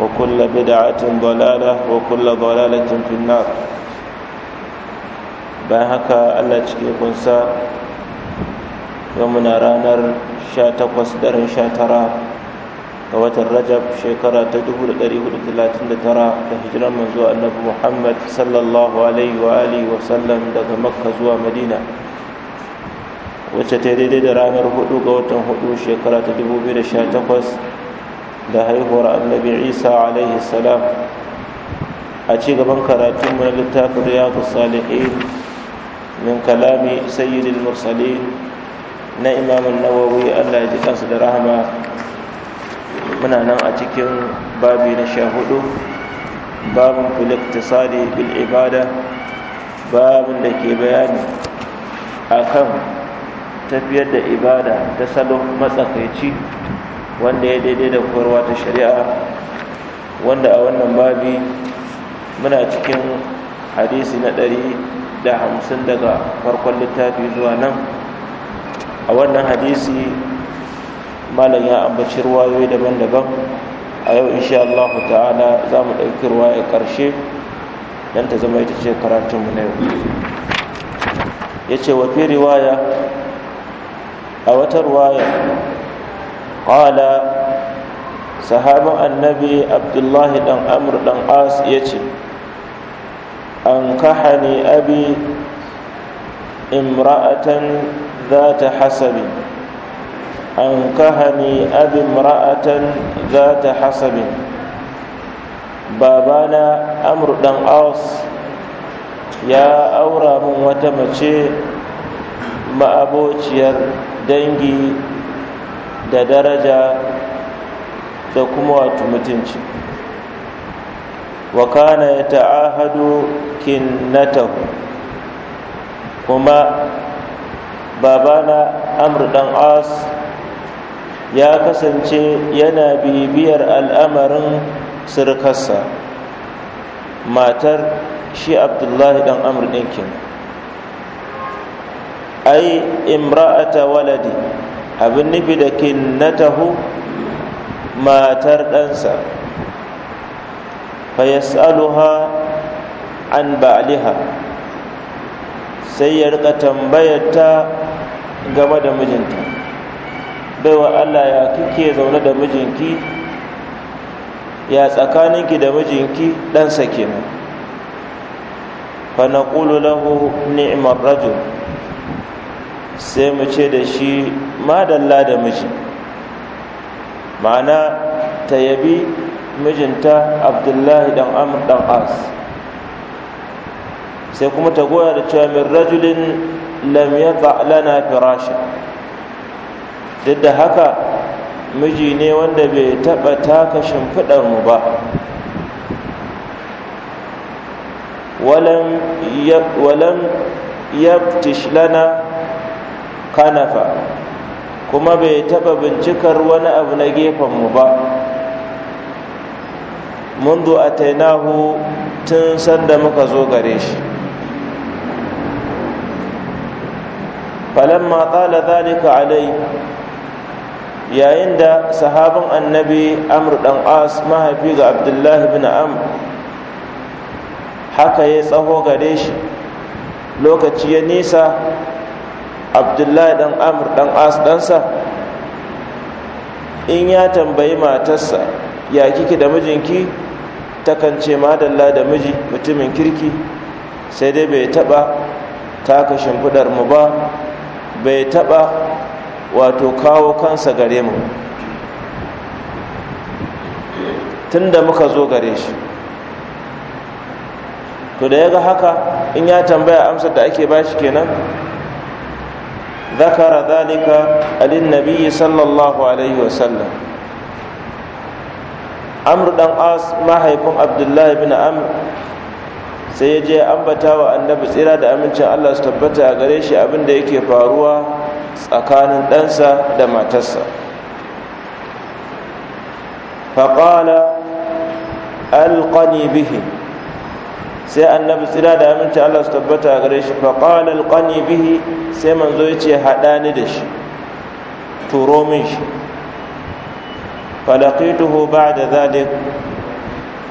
وكل بدعة ضلالة وكل ضلالة في النار باهك الله cikin kunsa yau muna ranar 18 ga watan Rajab shekara ta 1439 da hijiran manzo Annabi Muhammad sallallahu alaihi wa alihi wa sallam daga Makka zuwa Madina wace ta daidai da ranar 4 ga watan 4 shekara ta da haihuwar annabi isa alaihi salam a ci gaban karatun mai littafin riyadu salihin min kalami sayyidin mursali na imamun nawawi allah ya ji kansu da rahama muna nan a cikin babi na sha hudu babin filiktisali bil ibada babin da ke bayani akan tafiyar da ibada ta salon matsakaici wanda ya daidai da koyarwa ta shari'a wanda a wannan babi muna cikin hadisi na ɗari da hamsin daga farkon littafi zuwa nan a wannan hadisi malam ya ambaci ruwayoyi daban-daban a yau insha Allah ta'ala za mu ɗauki ruwaya ƙarshe don ta zama ita ce karatunmu na yau ya ce wafi riwaya a wata ruwaya qala sahaban annabi abdullahi dan amr dan ya ce an kahani abi imra'atan zata hasabi an kahani babana amr dan as ya aura min wata mace ma'abociyar dangi da daraja da kuma wato mutunci wa kana ya ta'ahadu kinnatahu kuma babana amr dan as ya kasance yana bibiyar al'amarin sirkarsa matar shi abdullahi dan amr ɗinkin ai imra'ata waladi abin nufi da kinnatahu matar ɗansa fa yas'aluha an ba'liha sai ya rika tambayar ta game da mijinta baiwa Allah ya kike zaune da mijinki ya tsakaninki da mijinki ɗansa kenan fa naqulu lahu ni'mar rajul sai mu ce da shi madalla da miji ma'ana ta yabi mijinta abdullahi dan amur dan as sai kuma ta goya da cewa min rajulin lam yata lana duk da haka miji ne wanda bai taɓa taka shimfiɗar mu ba walam yabtish lana kanafa kuma bai taɓa bincikar wani abu na gefen mu ba mundu a tainahu tun sanda muka zo gare shi falamma ƙala zalika alai yayin da sahabin annabi amr ɗan as mahaifi ga abdullahi bin am haka ya tsaho gare shi lokaci ya nisa abdullahi dan amur dan as ɗansa in ya tambayi matarsa ya kike da mijinki takan ce madalla da miji mutumin kirki sai dai bai taɓa taka shimfidar mu ba bai taba wato kawo kansa gare mu tun muka zo gare shi to da ya ga haka in ya tambaya amsar da ake bashi kenan ذكر ذلك للنبي صلى الله عليه وسلم amr dan as mahaifin abdullahi bin amr sai ya je ambata wa annabi tsira da amincin allah su tabbata a gare shi abin da yake faruwa tsakanin ɗansa da matarsa faƙala alƙani bihi sai annabi tsira da aminci Allah su tabbata a gare shi faƙala alƙani bihi sai manzo ya ce haɗa ni da shi turo min shi ba da zalik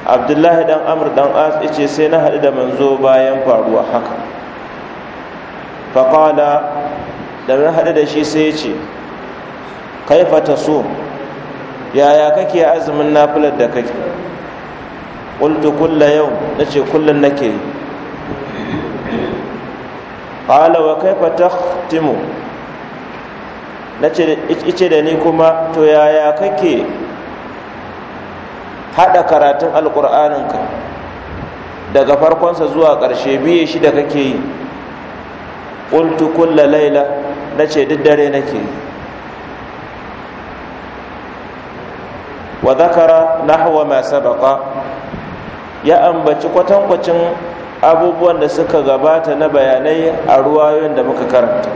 abdullahi ɗan amur ɗan as ce sai na haɗu da manzo bayan faruwa haka faƙala da na haɗu da shi sai ya ce kaifa ta so yaya kake azumin nafilar da kake Ƙultu kulla yau na ce kullun nake ƙala wa kaifa na ce ice da ni kuma to yaya kake haɗa karatun alƙur'aninka daga farkonsa zuwa ƙarshe biye shi da kake yi ƙultu kulla laila na ce duk dare nake yi wa zakara nahwa ma sabaqa ya ambaci kwatankwacin abubuwan da suka gabata na bayanai a ruwayoyin da muka karanta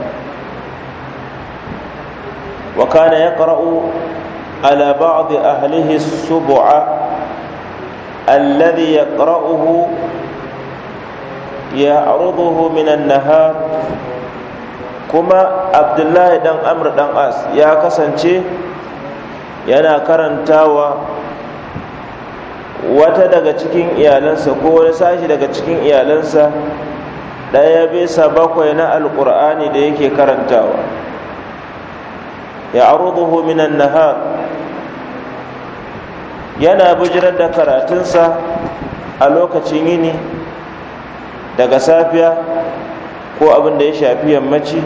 wa kana ya ƙara'u ala ba'di ahlihi subu'a alladhi yaqra'uhu ya'ruduhu min an-nahar kuma abdullahi dan amur dan as ya kasance yana karantawa wata daga cikin iyalansa ko wani sashi daga cikin iyalansa ɗaya bisa bakwai na alƙur'ani da yake karantawa ya hominan minan nahar yana bijirar da karatunsa a lokacin yini daga safiya ko abin da ya shafi yammaci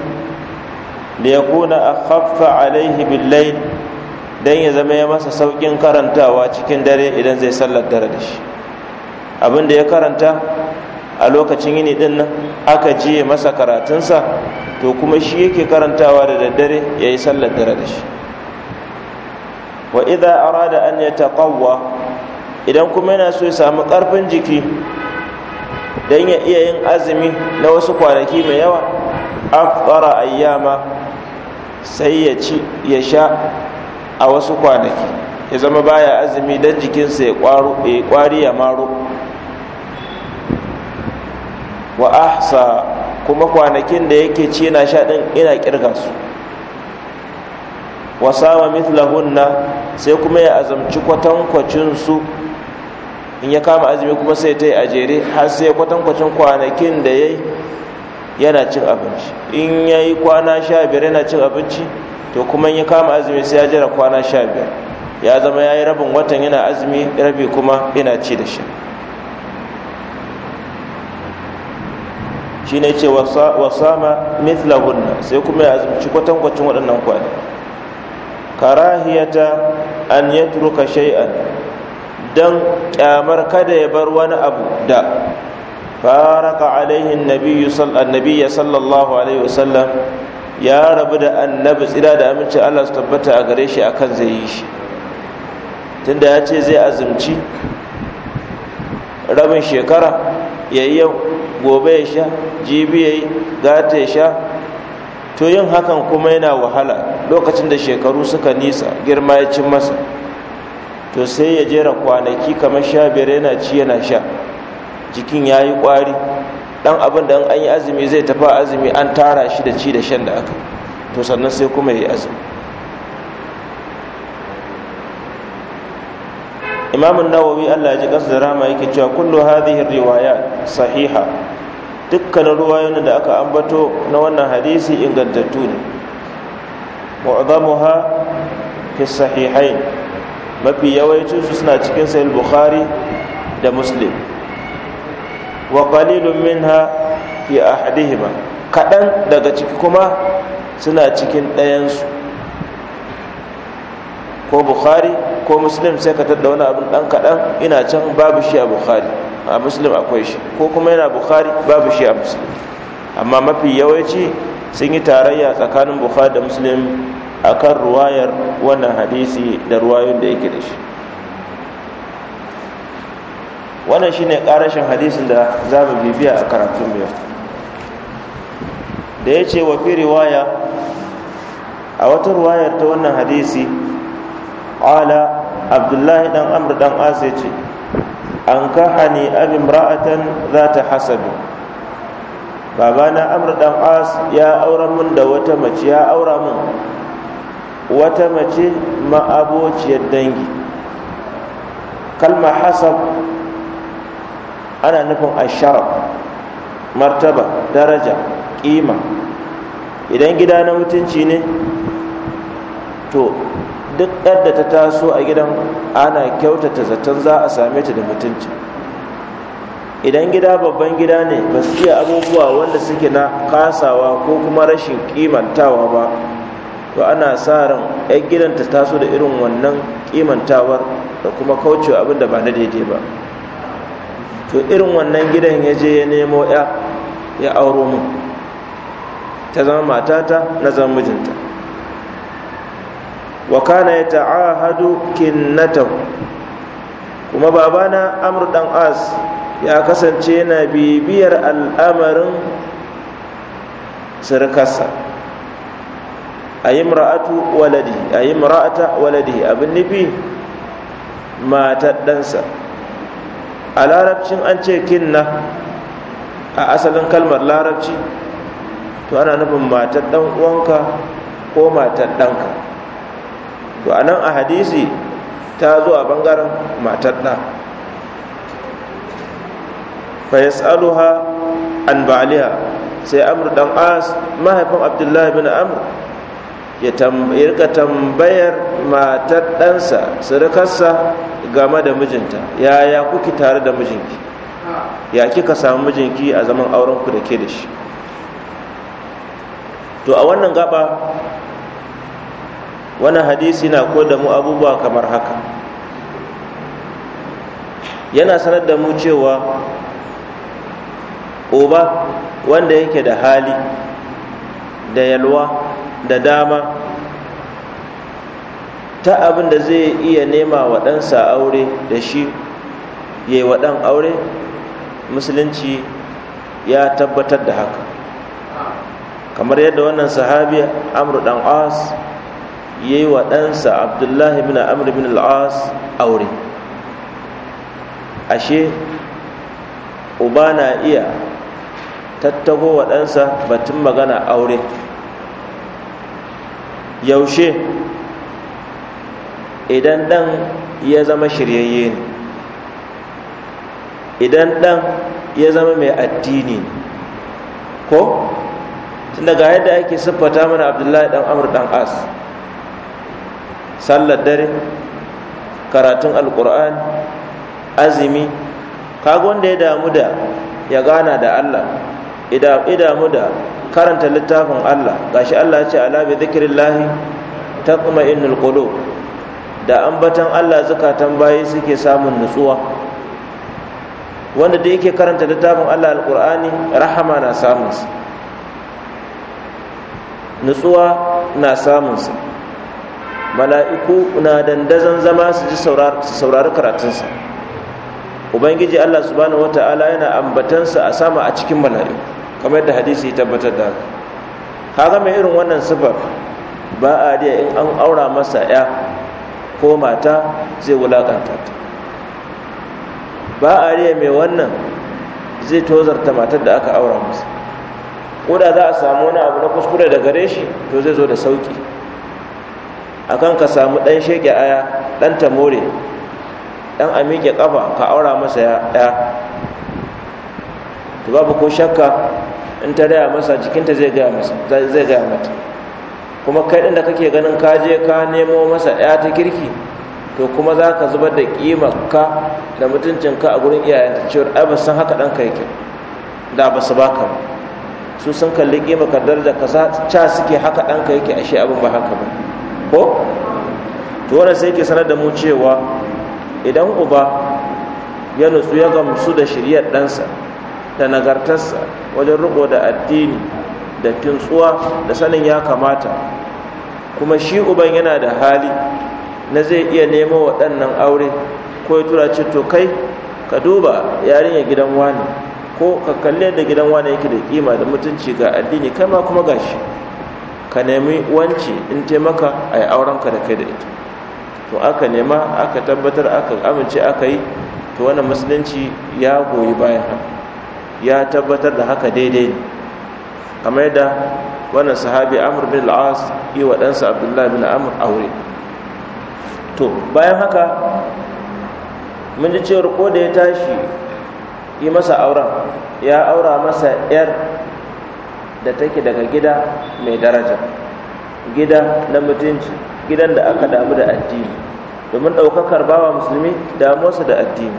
da ya kuna a alaihi billahi don ya zama ya masa saukin karantawa cikin dare idan zai sallar dare da shi abin da ya karanta a lokacin yini din nan aka jiye masa karatunsa to kuma shi yake karantawa da daddare ya yi sallar dare da shi wa idza arada an yataqawwa idan kuma yana so ya samu ƙarfin jiki don ya iya yin azumi na wasu kwanaki mai yawa afara ayyama sai ya ci ya sha a wasu kwanaki ya zama baya azumi don jikinsa ya kwari ya maro wa ahsa kuma kwanakin da yake ci yana sha din ina kirga su wa sama mithlahunna sai kuma ya azamci kwatankwacin su in ya kama azumi kuma sai ta yi a har sai kwatankwacin kwanakin da ya yana cin abinci in ya yi kwana sha biyar yana cin abinci to kuma in ya kama azumi sai ya jira kwana sha biyar ya zama ya yi rabin watan yana azumi rabi kuma yana ci da shi shi ne ce wasama hunna sai kuma ya azumci kwatankwacin waɗannan kwana karahiyata an ya turuka shai'an don kyamar kada ya bar wani abu da faraka alaihin Nabiya sallallahu alaihi wasallam ya rabu da annabi tsira da amincin Allah su tabbata a gare shi akan zai yi shi tunda ya ce zai azumci rabin shekara ya yi yau gobe ya sha jibi ya yi gata ya sha to yin hakan kuma yana wahala lokacin da shekaru suka nisa girma ya cin masa to sai ya jera kwanaki kamar sha biyar yana ci yana sha jikin ya yi ƙwari dan abin da an yi azumi zai tafi azumi an tara shi da ci da shan da aka to sannan sai kuma yi azumi imamun nawawi allah ji kasu da rama yake cewa kullu hadhihi riwaya sahiha dukkanin ruwayoyin da aka ambato na wannan hadisi ingantattu ne mu'azzamuha fi sahihain mafi yawancinsu suna cikin sahih bukhari da muslim wa qalilun minha fi ahadihima kaɗan daga ciki kuma suna cikin ɗayansu ko bukhari ko muslim sai ka tada wani abin ɗan kaɗan ina can babu shi a bukhari a muslim akwai shi ko kuma yana bukhari babu shi a muslim amma mafi yawanci sun yi tarayya tsakanin bukhari da muslim akan ruwayar wannan hadisi da ruwayoyin da yake da shi wannan shine karashin hadisin da za mu bibiya a karatun yau da yace ce wa fi riwaya a wata riwayar ta wannan hadisi ala abdullahi dan amr dan as ya ce an kahani abin za ta hasabi babana amr dan as ya aura mun da wata mace ya aura mun. wata mace ma ma'abociyar dangi Kalma hasab ana nufin asharar martaba daraja kima idan gida na mutunci ne to duk yadda ta taso a gidan ana kyautata zaton za a same ta da mutunci idan gida babban gida ne ba su iya abubuwa wanda suke na kasawa ko kuma rashin kimantawa ba to ana sa ran yan gidan ta taso da irin wannan kimantawar da kuma kaucewa abin da ba na daidai ba to irin wannan gidan ya je ya nemo ya ya auro mu ta zama matata na zama mijinta wa kana ya ta'ahadu kinnatahu kuma babana amr dan as ya kasance yana bibiyar al'amarin sirkarsa a yi mura'atu waladi a yi mura'ata waladi abin nufi matar ɗansa a larabcin an ce kinna a asalin kalmar larabci to ana nufin matar dan uwanka ko matar ɗanka to a nan a hadisi ta zo a bangaren matar da. fa yas'aluha an ba'liha sai amr dan as mahaifin abdullahi bin amr ya rika tambayar matar ɗansa surukarsa game da mijinta yaya kuki tare da mijinki ya kika samu mijinki a zaman aurenku da ke da shi to a wannan gaba wani hadisi na ko da mu abubuwa kamar haka yana sanar da mu cewa oba wanda yake da hali da yalwa da dama ta abin da zai iya nema waɗansa aure da shi ya yi waɗan aure musulunci ya tabbatar da haka kamar yadda wannan sahabi amru ɗan as yayi wa ɗansa abdullahi bin amru bin al aure ashe uba na iya tattago waɗansa batun magana aure yaushe idan ɗan ya zama shiryayye ne idan ɗan ya zama mai addini ko tunda ga yadda ake siffata mana abdullahi ɗan amur ɗan as sallar dare karatun alkur'an azumi kaga wanda ya damu da ya gana da allah idamu da karanta littafin Allah gashi Allah ya ce ala bi zikrillahi taqma'innul qulub da ambatan Allah zakatan bayi suke samun nutsuwa wanda da yake karanta littafin Allah alqur'ani rahama na samun sa nutsuwa na samun sa mala'iku na dandazon zama su ji saurari karatun sa. ubangiji allah subhanahu wata'ala yana ambatansa a sama a cikin mala'iku kamar da hadisi ya tabbatar da haka kaga mai irin wannan sifar ba a in an aura masa ya ko mata zai wulakanta ta ba a mai wannan zai tozarta matar da aka aura masa ko za a samu wani abu na kuskure da gare shi to zai zo da sauki akan ka samu ɗan shege aya ɗan tamore ɗan amike ƙafa ka aura masa ya to babu ko shakka in ta gaya masa jikinta zai gaya mata kuma kai ɗin da kake ganin ka je ka nemo masa ya ta kirki to kuma za ka zubar da ƙimaka da mutuncin a gurin iyayen ta cewar ai ba san haka ɗan ka yake da ba su baka su sun kalli ƙimar ka daraja ka ca suke haka ɗan ka yake ashe abin ba haka ba ko to wannan sai ke sanar da mu cewa idan uba ya nutsu ya gamsu da shiryar ɗansa Ta nagartarsa wajen riko da addini da tuntsuwa da sanin ya kamata kuma shi uban yana da hali na zai iya nemo waɗannan aure ko ya tura ce to kai ka duba yarinya gidan wani ko ka kalli da gidan wani yake da kima da mutunci ga addini kai ma kuma gashi ka nemi wanci in taimaka a yi aurenka da kai da ita to aka nema aka tabbatar aka amince aka yi to wannan musulunci ya goyi bayan haka ya tabbatar da haka daidai ne kamar yadda wannan sahabi amr bin al'as yi wa ɗansa abdullahi bin amr aure to bayan haka mun ji cewar ko da ya tashi yi masa auren ya aura masa 'yar da take daga gida mai daraja gida na mutunci gidan da aka damu da addini domin ɗaukakar bawa musulmi damuwarsa da addini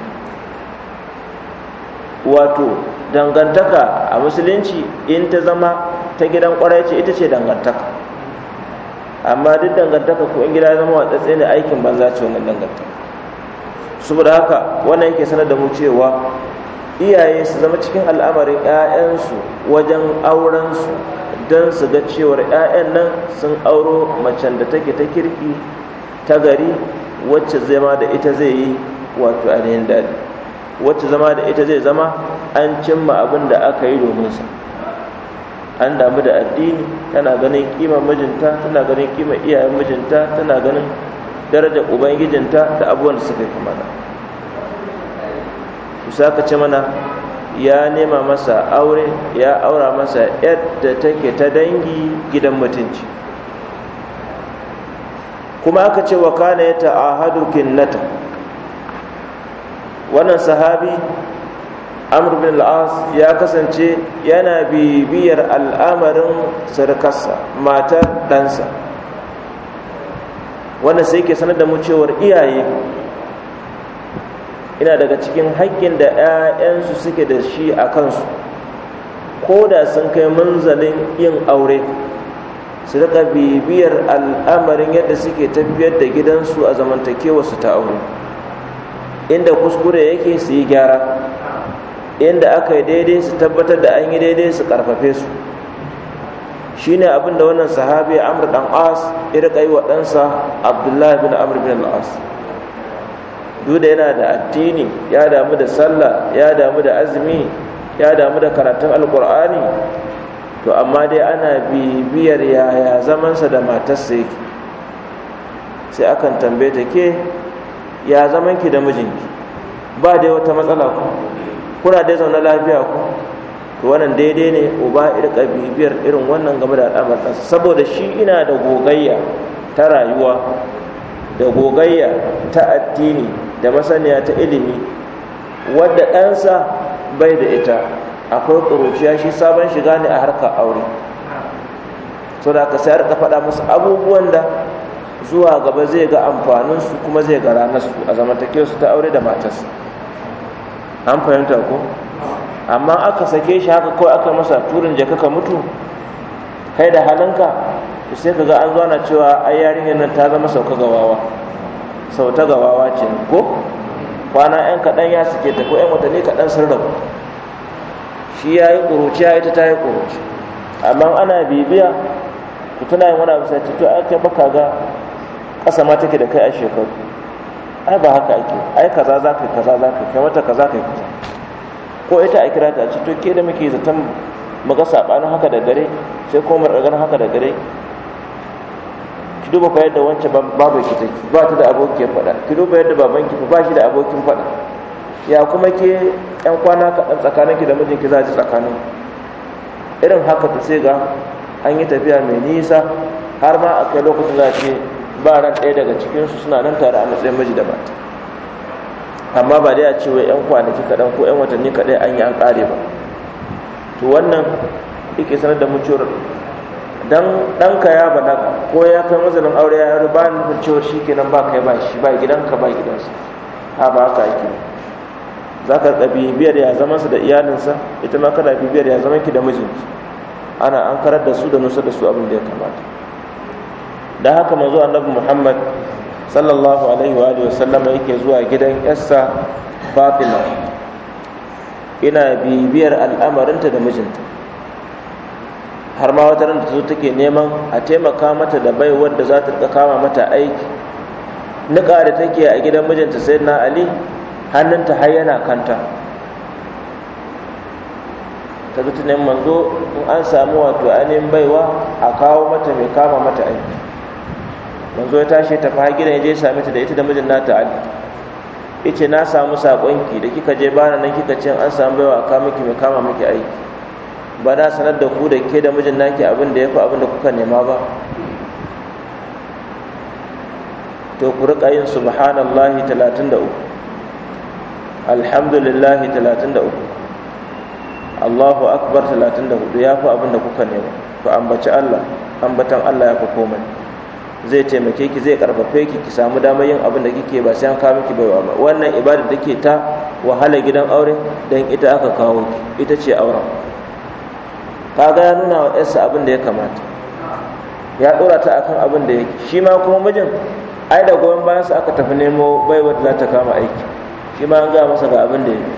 wato dangantaka a musulunci in ta zama ta gidan kwarai ce ita ce dangantaka amma duk dangantaka ko in gida zama wa watsatse ne aikin banza ce wannan dangantaka saboda haka wannan yake sanar da mu cewa iyaye su zama cikin al'amarin 'ya'yansu wajen aurensu don su ga cewar 'ya'yan nan sun auro macen da take ta kirki ta gari wacce zama da ita zai yi wato ainihin daɗi wacce zama da ita zai zama an cimma abin da aka yi domin dominsa an damu da addini tana ganin kimar mijinta tana ganin kimar iyayen mijinta tana ganin darajar ubangijinta da abubuwan da suka yi kama da kusa ka ce mana ya nema masa aure ya aura masa yadda take ta dangi gidan mutunci kuma aka ce wa kana ya ta'ahadu kinnata wannan sahabi amur bin al'as ya kasance yana bibiyar al'amarin sarkarsa matar ɗansa wannan sai ke sanar da mu cewar iyaye ina daga cikin haƙƙin da 'ya'yansu suke da shi a kansu ko da sun kai manzalin yin aure su daga bibiyar al'amarin yadda suke tafiyar da gidansu a su ta aure inda kuskure yake su yi gyara yadda aka yi daidai su tabbatar da an yi daidai su karfafe su shine ne abinda wannan sahabi amr dan as ya rika yi wa ɗansa abdullahi bin amr bin as duk da yana da addini ya damu da sallah ya damu da azumi ya damu da karatun alkur'ani to amma dai ana bibiyar yaya zamansa da matarsa yake sai akan tambaye ta ke ya zamanki da mijinki ba dai wata matsala ku kuna dai zaune lafiya ku to wannan daidai ne uba irka bibiyar irin wannan game da al'amarin saboda shi ina da gogayya ta rayuwa da gogayya ta addini da masaniya ta ilimi wadda ɗansa bai da ita akwai ƙuruciya shi sabon shiga ne a harka aure so da ka sayar harka faɗa musu abubuwan da zuwa gaba zai ga amfaninsu kuma zai ga ranarsu a zamantakewarsu ta aure da matarsu an fahimta ko amma aka sake shi haka kawai aka masa turin jaka ka mutu kai da halinka sai ka ga an zo na cewa ai yarinyar nan ta zama sauka gawawa sauta gawawa ce ko kwana yan kaɗan ya suke ta ko yan watanni kaɗan sun rabu shi ya yi ƙuruci ya ita ta yi ƙuruci amma ana bibiya ku tuna yin wani abu sai ta to ake baka ga ƙasa ma take da kai a shekaru ai ba haka ake ai kaza za ka yi kaza za ka yi, kai wata kaza ka yi kaza ko ita a kira ta ce to ke da muke zaton muga sabanin haka da gare sai ko ragar haka da gare ki duba fa yadda wancan babu ki take ba ta da abokin faɗa ki duba yadda baban ki ba shi da abokin faɗa ya kuma ke ɗan kwana kaɗan tsakanin ki da mijin ki za ji tsakanin irin haka ta sai ga an yi tafiya mai nisa har ma a kai lokacin za a ce ba ran ɗaya daga cikinsu suna nan tare a matsayin miji da mata amma ba dai a ce wai 'yan kwanaki kaɗan ko 'yan watanni kaɗai an yi an ƙare ba to wannan yake sanar da mu cewar dan ɗanka ya bana ko ya kai mazalin aure ya yaro ba ni cewar shi kenan ba kai ba shi ba gidanka ba gidansa ha ba haka yake za ka bibiyar ya zamansa da iyalinsa ita ma kana bibiyar ya zamanki da mijinki ana an karar da su da nusa da su abin da ya kamata da haka manzo annabi muhammad sallallahu alaihi wa alihi wasallam yake zuwa gidan yarsa fatima ina bibiyar al'amarinta da mijinta har ma wata da zo take neman a taimaka mata da baiwar da za ta kama mata aiki niƙa da take a gidan mijinta sai na ali hannunta har yana kanta ta zo neman manzo in an samu wato ainihin baiwa a kawo mata mai kama mata aiki Yanzu ya tashi ta fa gidan ya je same ta da ita da mijin nata Ali yace na samu sakonki da kika je bana nan kika ce an samu baiwa ka miki mai kama miki aiki ba na sanar da ku da ke da mijin naki abin da ya fi abin da kuka nema ba to ku riƙa yin subhanallahi 33 alhamdulillahi 33 Allahu akbar 34 ya fi abin da kuka nema ku ambaci Allah ambatan Allah ya fi komai zai taimake ki zai karfafe ki ki samu damar yin abin da kike ba sai an kawo miki baiwa ba wannan ibada take ta wahala gidan aure dan ita aka kawo ki ita ce auren Ka ya nuna wa yarsa abin da ya kamata ya dora ta akan abin da yake shi ma kuma mijin ai da goyon bayan sa aka tafi nemo baiwa da za ta kama aiki shi ma an ga masa ga abin da yake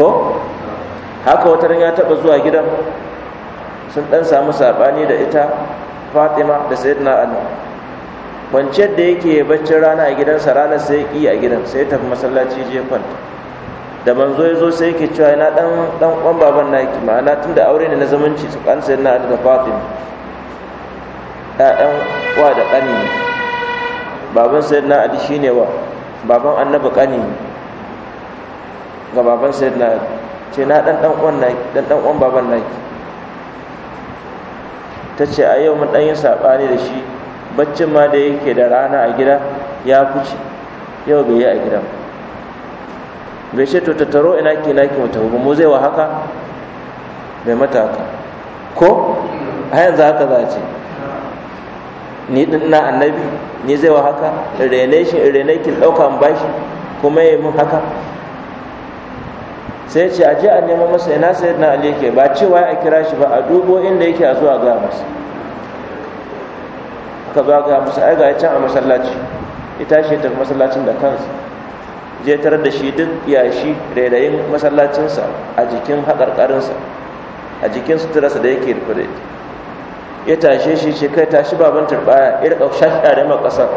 ko haka wata ya taba zuwa gidan sun dan samu sabani da ita fatima da sayyidina ali kwanciyar da yake bacci rana a gidansa ranar sai ki a gidan sai tafi masallaci je kwanta da manzo ya zo sai yake cewa ina dan dan kwan baban naki ma'ana tunda aure ne na zamanci kan sayyidina ali da fatima ɗaɗan wa da ƙani baban sayyidina ali shine wa baban annabi ƙani ga baban sayyidina ali ce na dan dan kwan naki dan dan kwan baban naki ta ce a yau mun ɗanyin saɓani da shi baccin ma da yake da rana a gida ya kuce yau bai yi a gida. bai ce to tattaro ina ke na ke wata mu zai wa haka bai mata haka ko a yanzu haka za a ce ni din na annabi ni zai wa haka rene shi rene ki ɗauka bashi kuma ya mun haka sai ce a je a nemo masa ina na ali yake ba cewa a kira shi ba a dubo inda yake a zuwa ga masa aka zuwa ga masa ai ga can a masallaci ya tashi ya tafi masallacin da kansa je tarar da shi duk yashi rairayin masallacinsa a jikin haƙarƙarinsa a jikin suturarsa da yake rufe ya tashe shi ce kai tashi baban turbaya ya rika shashya da makasar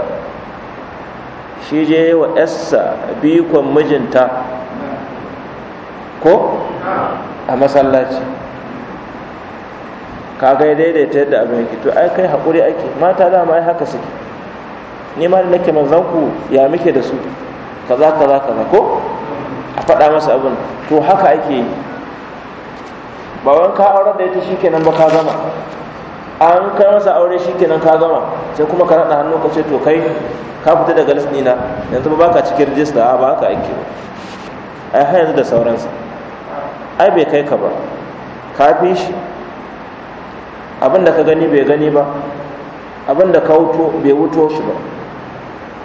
shi je wa yassa bikon mijinta ko a masallaci kaga ya daidaita yadda abin yake to ai kai haƙuri ake mata dama ai haka suke ni ma da nake manzan ku ya muke da su kaza kaza kaza ko a faɗa masa abin to haka ake yi ba wani ka aurar da ita shikenan ba ka gama an kai masa aure shikenan ka gama sai kuma ka naɗa hannu ka ce to kai ka fita daga lisnina yanzu ba ka cikin rijista ba haka ake ba ai har yanzu da sauransa ai bai kai ka ba ka fi shi abin ka gani bai gani ba abin ka wuto bai wuto shi ba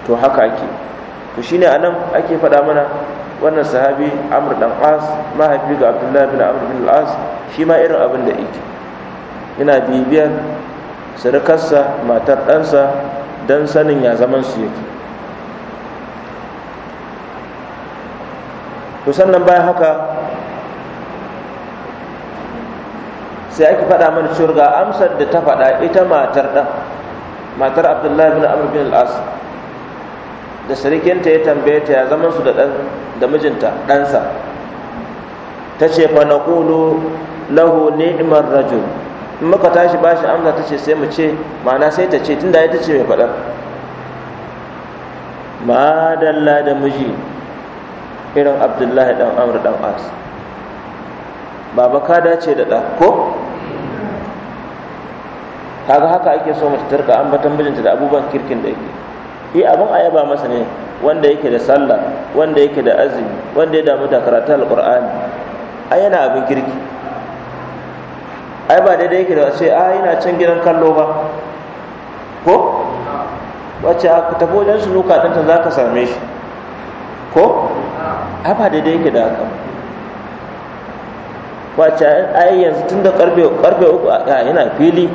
to haka ake to shine anan ake faɗa mana wannan sahabi amr dan as mahaifi ga abdullahi bin amr bin as shi ma irin abin da yake yana bibiyar surukarsa matar ɗansa don sanin ya zaman su yake to sannan bayan haka sai aka faɗa mana cewa ga amsar da ta faɗa ita matar ɗan matar abdullahi bin amr bin al-as da sarikinta ya tambaye ta ya zaman su da da mijinta ɗansa ta ce fa naqulu lahu ni'mar rajul in muka tashi ba shi amsa ta ce sai mu ce ma'ana sai ta ce tunda ita ce mai faɗar madalla da miji irin abdullahi dan amr dan as baba ka dace da ɗa ko kaga haka ake so mace ta rika ambatan mijinta da abubuwan kirkin da yake yi eh, abin a yaba masa ne wanda yake da sallah wanda yake da azumi wanda ya damu da karatu alqur'ani ai yana abin kirki ai ba daidai yake da sai a yana ah, can gidan kallo ba ko wacce aka ah, tafi wajen su nuka ɗanta za ka same shi ko ai ba daidai yake da haka wacce ai yanzu tun da karfe uku yana fili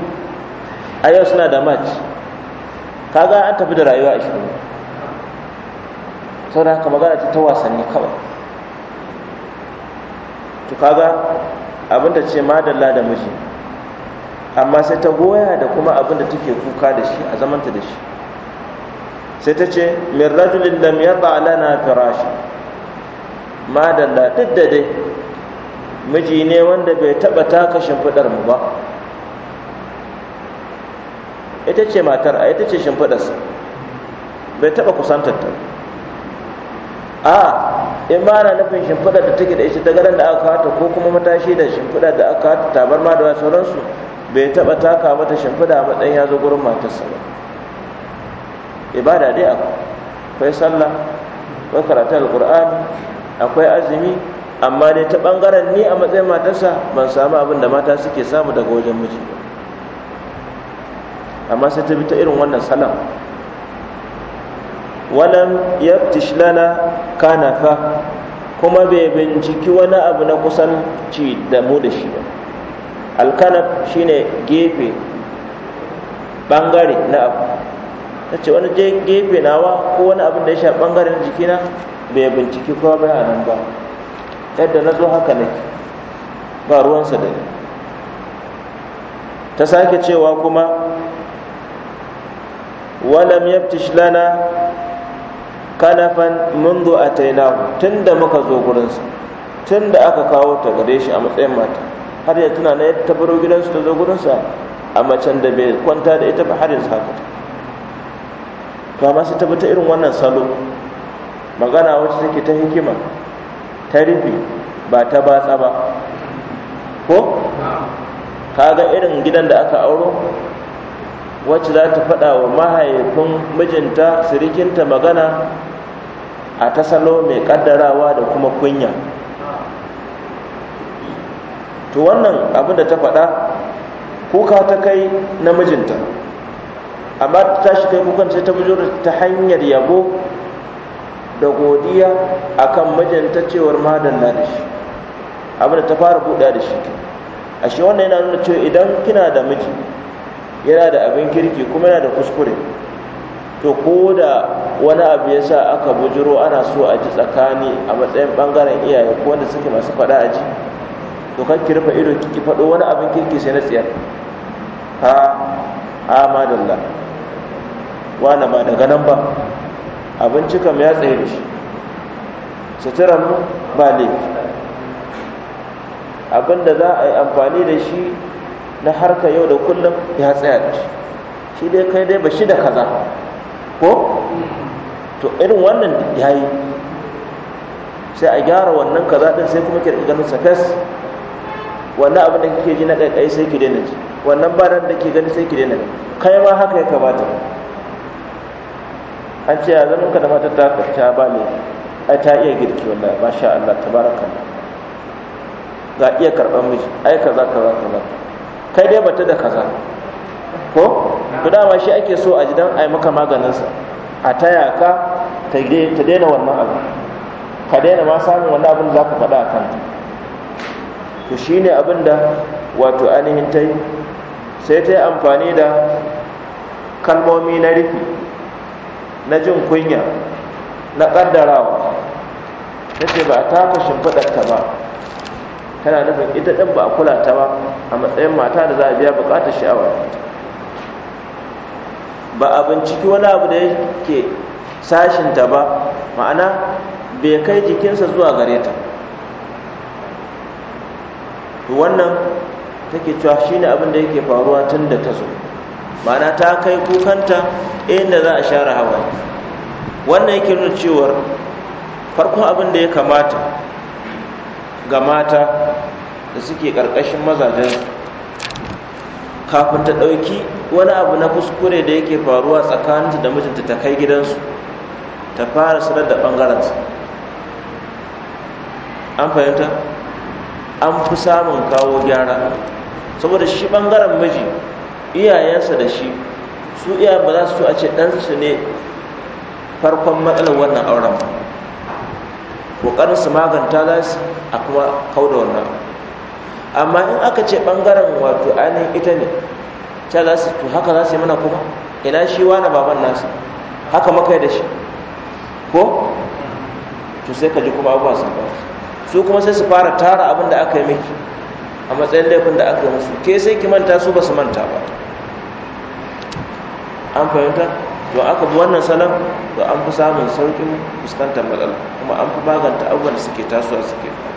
a yau suna da match kaga an tafi da rayuwa ashirin sau da haka magana ta wasanni kawai to kaga abin da ce madalla da miji amma sai ta goya da kuma abin da take kuka da shi a zamanta da shi sai ta ce min rajulin lam yata lana firashi madalla duk da dai miji ne wanda bai taba taka shimfidar mu ba ita ce matar a ita ce shimfiɗarsa bai taɓa kusantar ta a in na nufin shimfiɗar da take da ita ta garin da aka hata ko kuma matashi da shimfiɗar da aka bar ma da sauransu bai taɓa taka mata shimfiɗa a matsayin ya zo gurin matarsa ba ibada dai akwai kai sallah akwai karatu alƙur'ani akwai azumi amma dai ta ɓangaren ni a matsayin matarsa ban samu abin da mata suke samu daga wajen miji ba amma sai ta bi ta irin wannan salam walam yaftish lana kana fa kuma bai binciki wani abu na kusanci da mu da shi ba alkanaf shine gefe bangare na abu ta ce wani gefe nawa ko wani abin da ya sha bangaren jikina bai binciki kowa bai a nan ba yadda na zo haka ne ba ruwansa da ta sake cewa kuma walam yaftish lana kanafan mundu atainahu tunda muka zo gurinsa tunda aka kawo ta gare shi a matsayin mata har yanzu tana na ta baro gidansu ta zo gurinsa a macen da bai kwanta da ita ba har yanzu haka to amma sai ta ta irin wannan salo magana wacce take ta hikima ta rufe ba ta batsa ba ko kaga irin gidan da aka auro wacce za ta faɗa wa mahaifin mijinta sirikinta magana a ta salo mai ƙaddarawa da kuma kunya to wannan abin da ta faɗa kuka ta kai na mijinta amma ta tashi kai kukan sai ta bujo ta hanyar yabo da godiya akan mijinta cewar madalla da shi abin da ta fara buɗa da shi ashe wannan yana nuna cewa idan kina da miji yana da abin kirki kuma yana da kuskure to ko da wani abu ya sa aka bujiro ana so a ji tsakani a matsayin bangaren iyaye ko wanda suke masu faɗa a ji to kan ki rufe ido ki faɗo wani abin kirki sai na tsiyar ha ha madalla wani ba daga nan ba Abincikan ya tsaye da shi suturan ba laifi abinda za a yi amfani da shi na harka yau da kullum ya tsaya da shi shi dai kai dai ba shi da kaza ko to irin wannan ya yi sai a gyara wannan kaza din sai kuma kirki ganin sa fes wannan abin da kike ji na kaikai sai ki daina ji wannan ba da ke gani sai ki daina kai ma haka ya kamata an ce ya zama ka da matar ta ta ba ne a ta iya girki wallahi masha Allah tabaraka ga iya karɓar miji ai kaza kaza kaza kai dai bata da kaza ko to dama shi ake so a ji dan a yi maka maganinsa a taya ka ta daina wannan abu ka daina ma samun wannan abin da za ka faɗa a kanta to shi ne abin da wato ainihin ta yi sai ta yi amfani da kalmomi na rufi na jin kunya na ƙaddarawa ta ce ba a taka shimfiɗarta ba tana nufin ita ɗin ba a kula ta ba a matsayin mata da za a biya buƙatar sha'awa ba a binciki wani abu da yake ta ba ma'ana bai kai jikinsa zuwa gare ta wannan take cewa shine abin da yake faruwa tun da ta zo ma'ana ta kai kukanta inda za a share hawaye wannan yake nuna cewar farkon abin da ya kamata ga mata da suke ƙarƙashin mazajen kafin ta ɗauki wani abu na kuskure da yake faruwa tsakaninta da mijinta ta kai gidansu ta fara sanar da ɓangarensa an fahimta an fi samun kawo gyara saboda shi ɓangaren miji iyayensa da shi su iya ba za su a ce ɗansu ne farkon matsalar wannan auren ba ƙoƙarin su maganta za su a kuma kau da wannan amma in aka ce bangaren wato ainihin ita ne ta za su to haka za su yi mana kuma ina shi na baban nasu haka makai da shi ko to sai ka ji kuma abuwa sun fara su kuma sai su fara tara abin da aka yi miki a matsayin laifin da aka yi musu ke sai ki manta su ba su manta ba an fahimta to aka bi wannan salon to an fi samun sauƙin fuskantar matsala kuma an fi maganta abubuwan da suke tasowa suke fara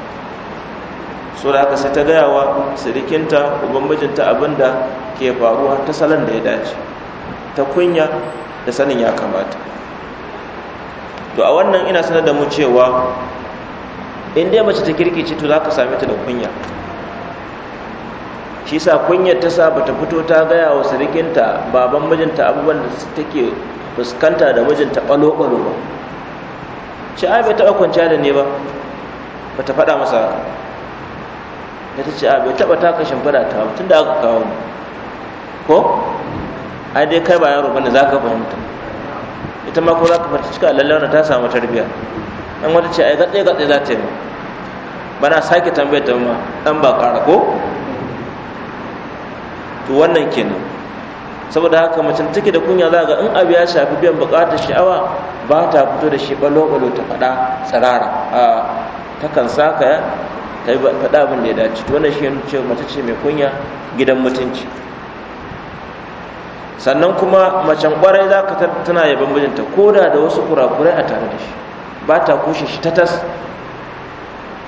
so da haka sai ta gaya wa sirikinta uban mijinta abinda ke faruwa ta salon da ya dace ta kunya da sanin ya kamata to a wannan ina sanar da mu cewa in dai mace ta kirkice to za ka same ta da kunya shi sa kunyar ta sa bata fito ta gaya wa sirikinta baban mijinta abubuwan da su take fuskanta da mijinta ɓalo-ɓalo ba shi ai bai taɓa kwanciya da ne ba bata faɗa masa ya ta ce a bai taɓa taka shimfiɗa ta ba tun da aka kawo ni ko ai dai kai ba yaro bane za ka fahimta ita ma ko za ka fahimta cika lallauna ta samu tarbiyya ɗan wata ce ai gatse gatse za ta yi bana sake tambayar ta ma ɗan ba ƙara ko to wannan kenan saboda haka macen take da kunya za ga in abu ya shafi biyan bukatar sha'awa ba ta fito da shi balo-balo ta faɗa tsirara a takan saka ta yi faɗa abin da ya dace wannan shi yana cewa mace ce mai kunya gidan mutunci sannan kuma macen kwarai za ka tana yaban mijinta ko da da wasu kurakurai a tare da shi ba ta kushe shi ta tas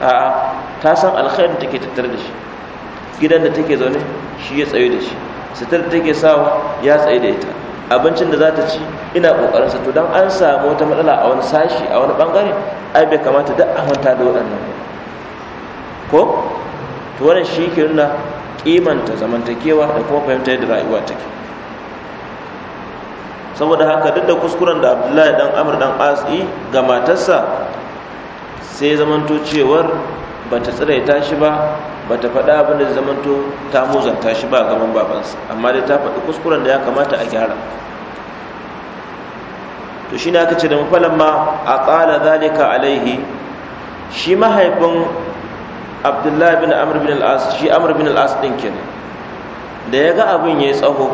a ta san alkhairin da take tattare da shi gidan da take zaune shi ya tsaye da shi sitar da take sawa ya tsaye da ita abincin da za ta ci ina ƙoƙarin sa to dan an samu wata matsala a wani sashi a wani bangare ai bai kamata duk a manta da waɗannan ko to wannan shi ke nuna kimanta zamantakewa da kuma fahimta da rayuwa take saboda haka duk da kuskuren da abdullahi dan amur dan asi ga matarsa sai zamanto cewar ba ta ta shi ba ba ta faɗa abin da zamanto ta muzanta shi ba gaban babansa amma dai ta faɗi kuskuren da ya kamata a gyara to shi ne aka ce da mafalan ma a ƙala zalika alaihi shi mahaifin abdullahi bin amr bin al shi amr bin al ɗin din kenan da ya ga abin yi tsaho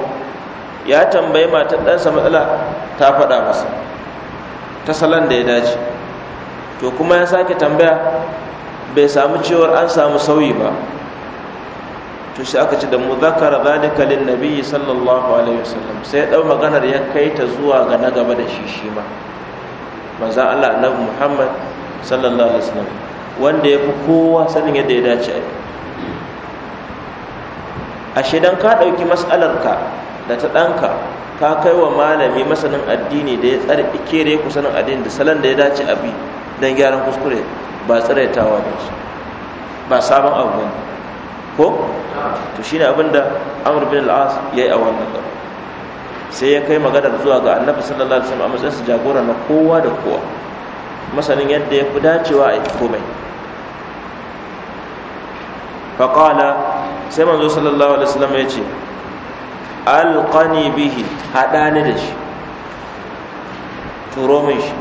ya tambayi matar ɗansa matsala ta faɗa masa ta salon da ya dace to kuma ya sake tambaya bai samu cewar an samu sauyi ba to shi aka ci da mu zakara zalika lin nabiyyi sallallahu alaihi wasallam sai ya dau maganar ya kai ta zuwa ga na gaba da shi shi ma manzon Allah Muhammad sallallahu alaihi wasallam wanda ya fi kowa sanin yadda ya dace a ashe don ka ɗauki matsalarka da ta ɗanka ka kai wa malami masanin addini da ya tsare ikere ku sanin addini da salon da ya dace a bi don gyaran kuskure ba wa ba ba sabon abu ba ko to ne abin da amur bin al'as ya yi a wannan gaba sai ya kai maganar zuwa ga annabi sallallahu alaihi wasallam a matsayin jagora na kowa da kowa masanin yadda ya fi dacewa a komai faƙala sai manzo sallallahu alaihi wasallam ya ce alƙani bihi haɗa ni da shi turo min shi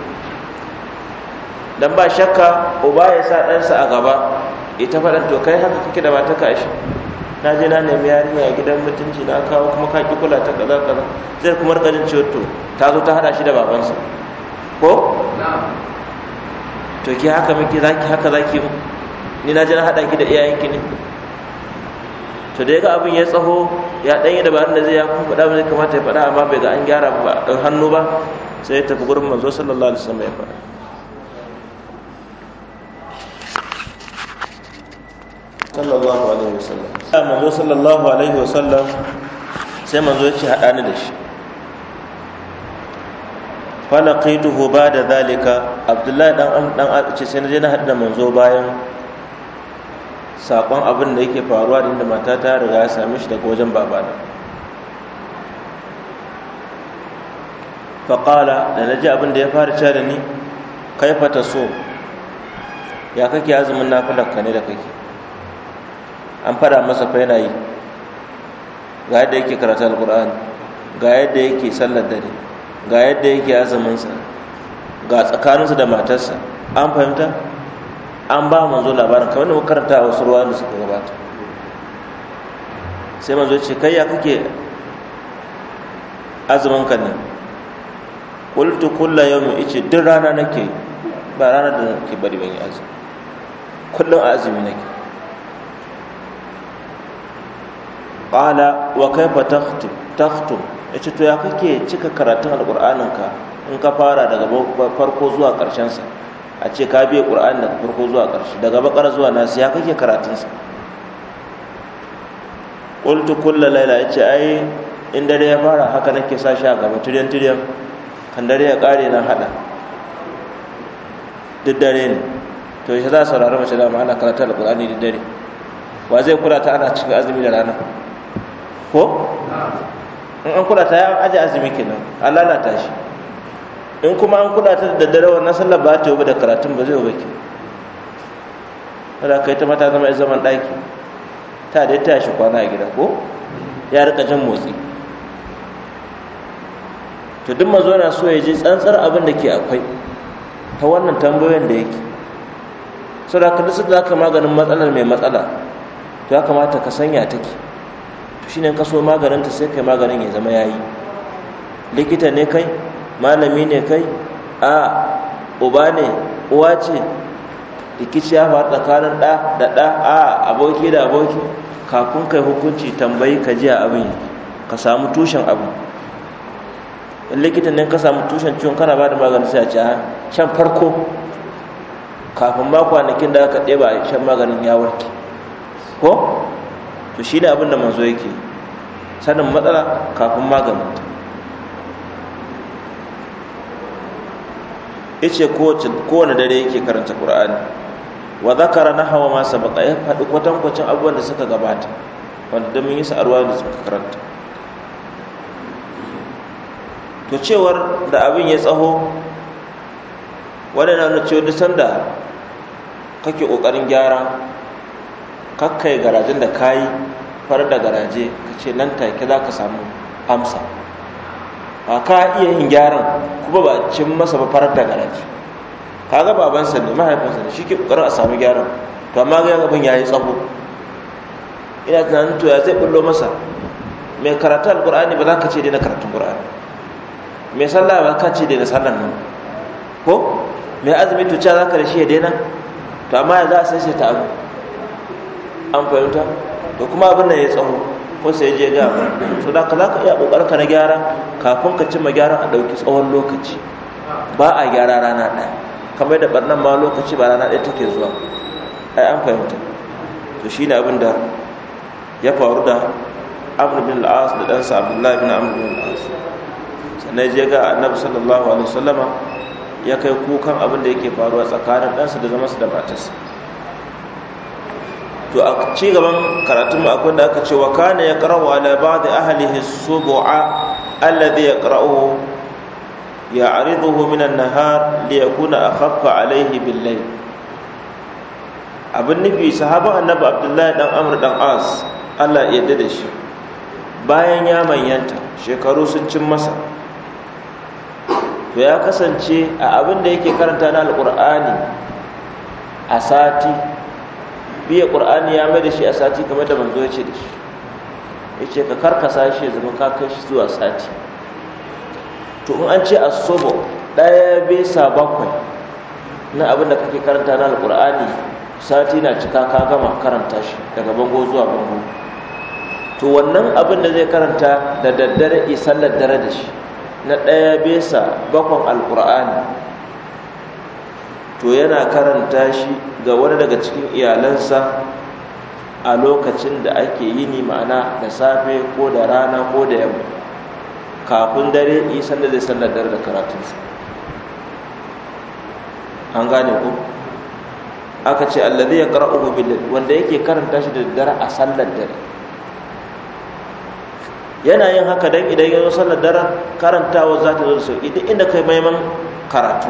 dan ba shakka uba ya sa ɗansa a gaba ita faɗan to kai haka kake da ka shi na je na nemi yarinya a gidan mutunci na kawo kuma ka ki kula ta kaza kaza zai kuma rika ciwo to ta zo ta haɗa shi da babansa ko to ki haka muke zaki haka zaki mu ni na ji na haɗa ki da iyayenki ne to da ya ga abin ya tsaho ya ɗan yi dabarun da zai ya kuma faɗa zai kamata ya faɗa amma bai ga an gyara ba ɗan hannu ba sai ya tafi gurin manzo sallallahu alaihi wasallam ya faɗa sallallahu alaihi wasallam manzo sallallahu alaihi wasallam sai manzo ya ce haɗa ni da shi tuho ba da zalika abdullahi dan dan ce sai na je na hadu da manzo bayan sakon abin da yake faruwa da mata ta riga ya same shi daga wajen babana faƙala da na abin da ya fara cewa da ni kai so ya kake azumin nafilar ka ne da kake an fara masa fa yana yi ga yadda yake karatu alƙur'ani ga yadda yake sallar dare ga yadda yake azuminsa ga tsakaninsa da matarsa an fahimta an ba manzo labarin kamar da makaranta a wasu ruwa da suka gabata sai manzo ce kai ya kake azumin ka nan kultu kulla yau mai ice duk rana nake ba ranar da nake bari ban yi azumi kullum a azumi nake qala wa kaifa takhtum ya ce to ya kake cika karatun alƙur'aninka in ka fara daga farko zuwa ƙarshensa a ce ka biya ƙur'ani daga farko zuwa ƙarshe daga bakar zuwa nasu ya kake karatunsa ƙultu kulla laila ya ce ai in dare ya fara haka nake sa shi a gaba turiyan turiyan kan dare ya ƙare na haɗa duk dare ne to shi za a saurari mace da ma'ana karatun alƙur'ani duk dare wa zai kula ta ana cikin azumi da rana ko in an kula ta ya aji azumi kenan a lalata shi in kuma an kula ta da dare wannan sallar ba ta yi da karatun ba zai yi baki kai ta mata zama zaman ɗaki ta dai ta shi kwana a gida ko ya rika jin motsi to duk mazo na so ya ji tsantsar abin da ke akwai ta wannan tambayoyin da yake saboda ka duk da zaka maganin matsalar mai matsala to ya kamata ka sanya take shi ne kaso maganinta sai kai maganin ya zama yayi likita ne kai malami ne kai a uba ne uwa ce rikici ya faru tsakanin ɗa da ɗa a aboki da aboki kafin kai hukunci tambayi ka ji a abin ka samu tushen abu in ne ka samu tushen ciwon kana ba da maganin sai a ci a can farko kafin ma kwanakin da aka ɗeba a shan maganin ya warke ko to shi shine abin da manzo yake sanin matsala kafin maganin ya ce kowane dare yake karanta ƙura'ani wa zakara hawa masa baka ya faɗi kwatankwacin abubuwan da suka gabata wanda domin yi sa'arwa da suka karanta to cewar da abin ya tsaho waɗanda na cewa duk sanda kake ƙoƙarin gyara kakkai garajin da ka yi farar da garaje ka ce nan take za ka samu amsa ba ka iya yin gyaran kuma ba cin masa ba farar da garaje ga babansa ne mahaifinsa ne shi ke kokarin a samu gyaran to amma ga abin ya yi tsaho ina tunanin to ya zai bullo masa mai karatu alkur'ani ba za ka ce dai na karatun qur'ani mai sallah ba ka ce dai na sallan nan ko mai azumi to za ka da shi ya daina to amma ya za a sai ta abu an fahimta da kuma abin nan ya tsawo, ko sai je ga so da ka za ka iya kokarin ka na gyara kafin ka cimma gyaran a ɗauki tsawon lokaci ba a gyara rana ɗaya kamar da barnan ma lokaci ba rana ɗaya take zuwa ai an fahimta to shi ne abin da ya faru da amr bin al-as da ɗansa abdullahi bin amr bin al-as sannan je ga annabi sallallahu alaihi wasallama ya kai kukan abin da yake faruwa tsakanin ɗansa da zamansa da matarsa to a ci gaban karatun akwai da aka ce wa kana ya karawa ala ba'd ahlihi subu'a alladhi yaqra'uhu ya'riduhu min an-nahar li yakuna akhaffa alayhi bil-layl abin nufi sahaba annabi abdullahi dan amr dan as Allah ya yarda da shi bayan ya manyanta shekaru sun cin masa to ya kasance a abin da yake karanta na alqur'ani a sati biya qur'ani ya mai da shi a sati kamar da manzo ya ce da shi yace ka karkasa shi ya zama ka kai shi zuwa sati to in an ce asobo ɗaya bisa bakwai na abin da kake karanta na alƙur'ani sati na cika ka gama karanta shi daga bango zuwa bango to wannan abin da zai karanta da daddare isallar dare da shi na ɗaya bisa bakwan alƙur'ani to yana karanta shi ga wani daga cikin iyalansa a lokacin da ake yini ma'ana da safe ko da rana ko da yamma kafin dare isan da zai sallar dare da karatunsa an gane ku aka ce allazi ya uku bil wanda yake karanta shi da dare a sallar dare yana yin haka dan idan ya zo sallar dare karantawa za ta zo sauki duk inda kai maiman karatu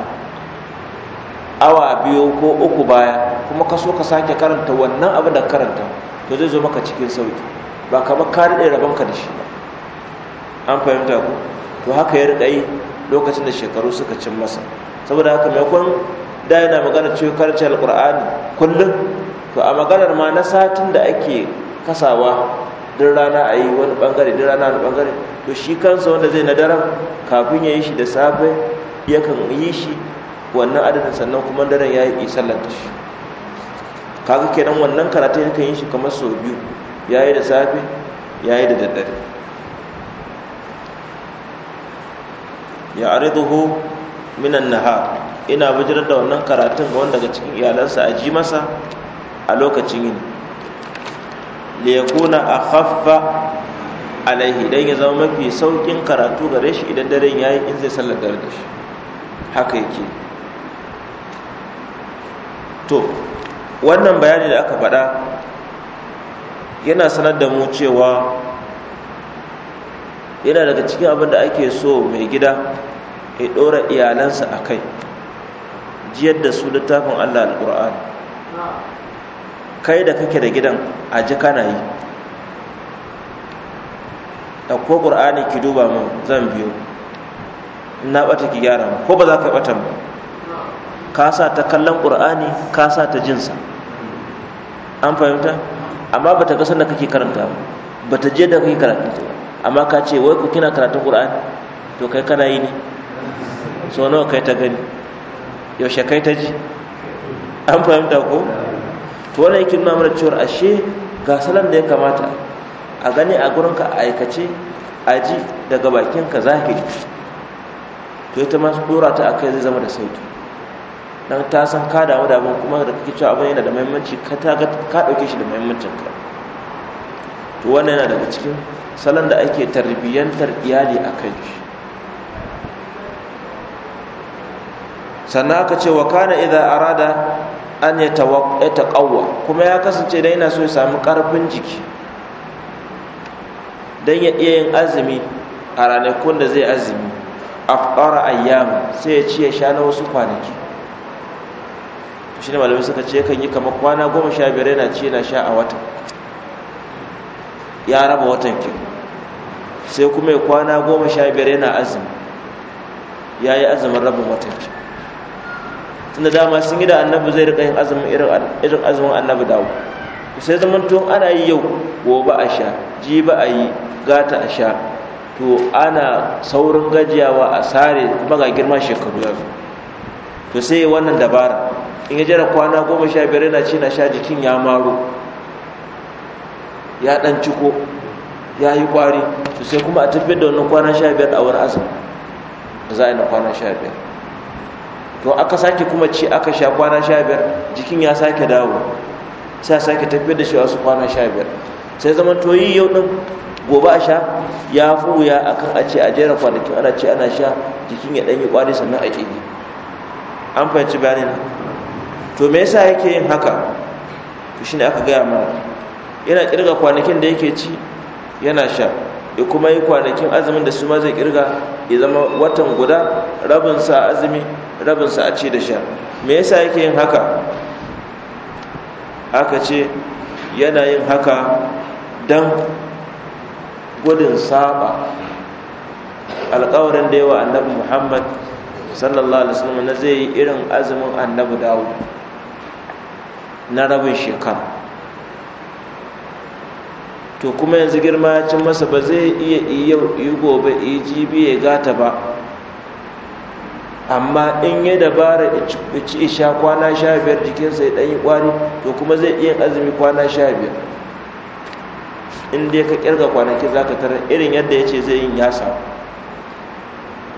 awa biyu ko uku baya kuma ka so ka sake karanta wannan abin da karanta to zai zo maka cikin sauki ba kamar ka daɗe ka da shi ba an fahimta ku to haka ya riƙa yi lokacin da shekaru suka cin masa saboda haka maimakon da yana magana cewa karanta alƙur'ani kullum to a maganar ma na satin da ake kasawa duk rana ayi wani bangare duk rana wani bangare to shi kansa wanda zai na daren kafin ya yi shi da safe yakan yi shi wannan adadin sannan kuma daren ya yi sallar da shi kaga kenan wannan karatu yakan yi shi kamar sau biyu ya yi da safe ya yi da daddare ya zuho minan ha, ina bijirar da wannan karatun ga wanda daga cikin iyalansa a ji masa a lokacin yini a haffa alaihi don ya zama mafi saukin karatu gare shi idan daren yi in zai sallar da shi haka yake to wannan bayani da aka faɗa yana sanar da mu cewa yana daga cikin abin da ake so mai gida ya ɗora iyalansa a kai jiyar da su littafin allah al'ur'an kai da kake da gidan a ji kana yi Da ko ƙur'ani ki duba mu zan biyo na ɓata ki gyara mu ko ba za ka ɓata mu ka sa ta kallon ƙur'ani ka sa ta jinsa an fahimta amma bata ga sanda kake karanta ba bata je da kake karatu amma ka ce wai ku kina karatun ƙur'ani to kai kana yi ne so nawa kai ta gani yaushe kai ta ji an fahimta ko to wannan yake nuna mana cewa ashe ga salon da ya kamata a gani a gurinka a aikace a ji daga bakinka zahiri to ita ma dora ta akai zai zama da sauki dan ta san ka damu da abin kuma da kake cewa abin yana da muhimmanci ka ta ka dauke shi da muhimmancin ka to wannan yana daga cikin salon da ake tarbiyyantar iyali a kan shi sannan aka ce wa kana idza arada an yataqawwa kuma ya kasance da yana so ya samu karfin jiki dan ya iya yin azumi a ranakun da zai azumi afqara ayyam sai ya ci ya sha na wasu kwanaki shi ne malamai suka ce kan yi kamar kwana goma sha biyar yana ci yana sha a watan ya raba watan ki sai kuma kwana goma sha biyar yana azumi ya yi azumin rabin watan ki tunda dama sun yi da annabi zai rika yin azumin irin azumin annabi dawo sai zaman tun ana yi yau gobe a sha ji ba a yi gata a sha to ana saurin gajiyawa a sare kuma ga girma shekaru yanzu to sai wannan dabara in ya jira kwana goma sha biyar yana ci na sha jikin ya maro ya dan ciko ya yi kwari to sai kuma a tafiyar da wannan kwana sha biyar a wani azumi da za a yi na kwana sha biyar to aka sake kuma ci aka sha kwana sha biyar jikin ya sake dawo sai a sake tafiyar da shi wasu kwana sha biyar sai zama to yi yau din gobe a sha ya fi wuya akan a ce a jera kwanaki ana ce ana sha jikin ya ɗanyi kwari sannan a ƙi an fahimci bayanin to me yasa yake yin haka to shine aka gaya mana yana kirga kwanakin da yake ci yana sha ya kuma yi kwanakin azumin da su ma zai kirga ya zama watan guda rabin sa azumi rabinsa a ci da sha me yasa yake yin haka aka ce yana yin haka dan gudun saba alƙawarin da yawa annabi Muhammad sallallahu alaihi wasallam na zai yi irin azumin annabi dawo na rabin shekara to kuma yanzu girma ya cin masa ba zai iya yi gobe yi jibi ya gata ba amma in yi dabara ci isha kwana sha biyar jikinsa ya ɗanyi kwari to kuma zai iya azumi kwana sha biyar inda ya ka kirga kwanaki za ka tara irin yadda ya ce zai yin yasa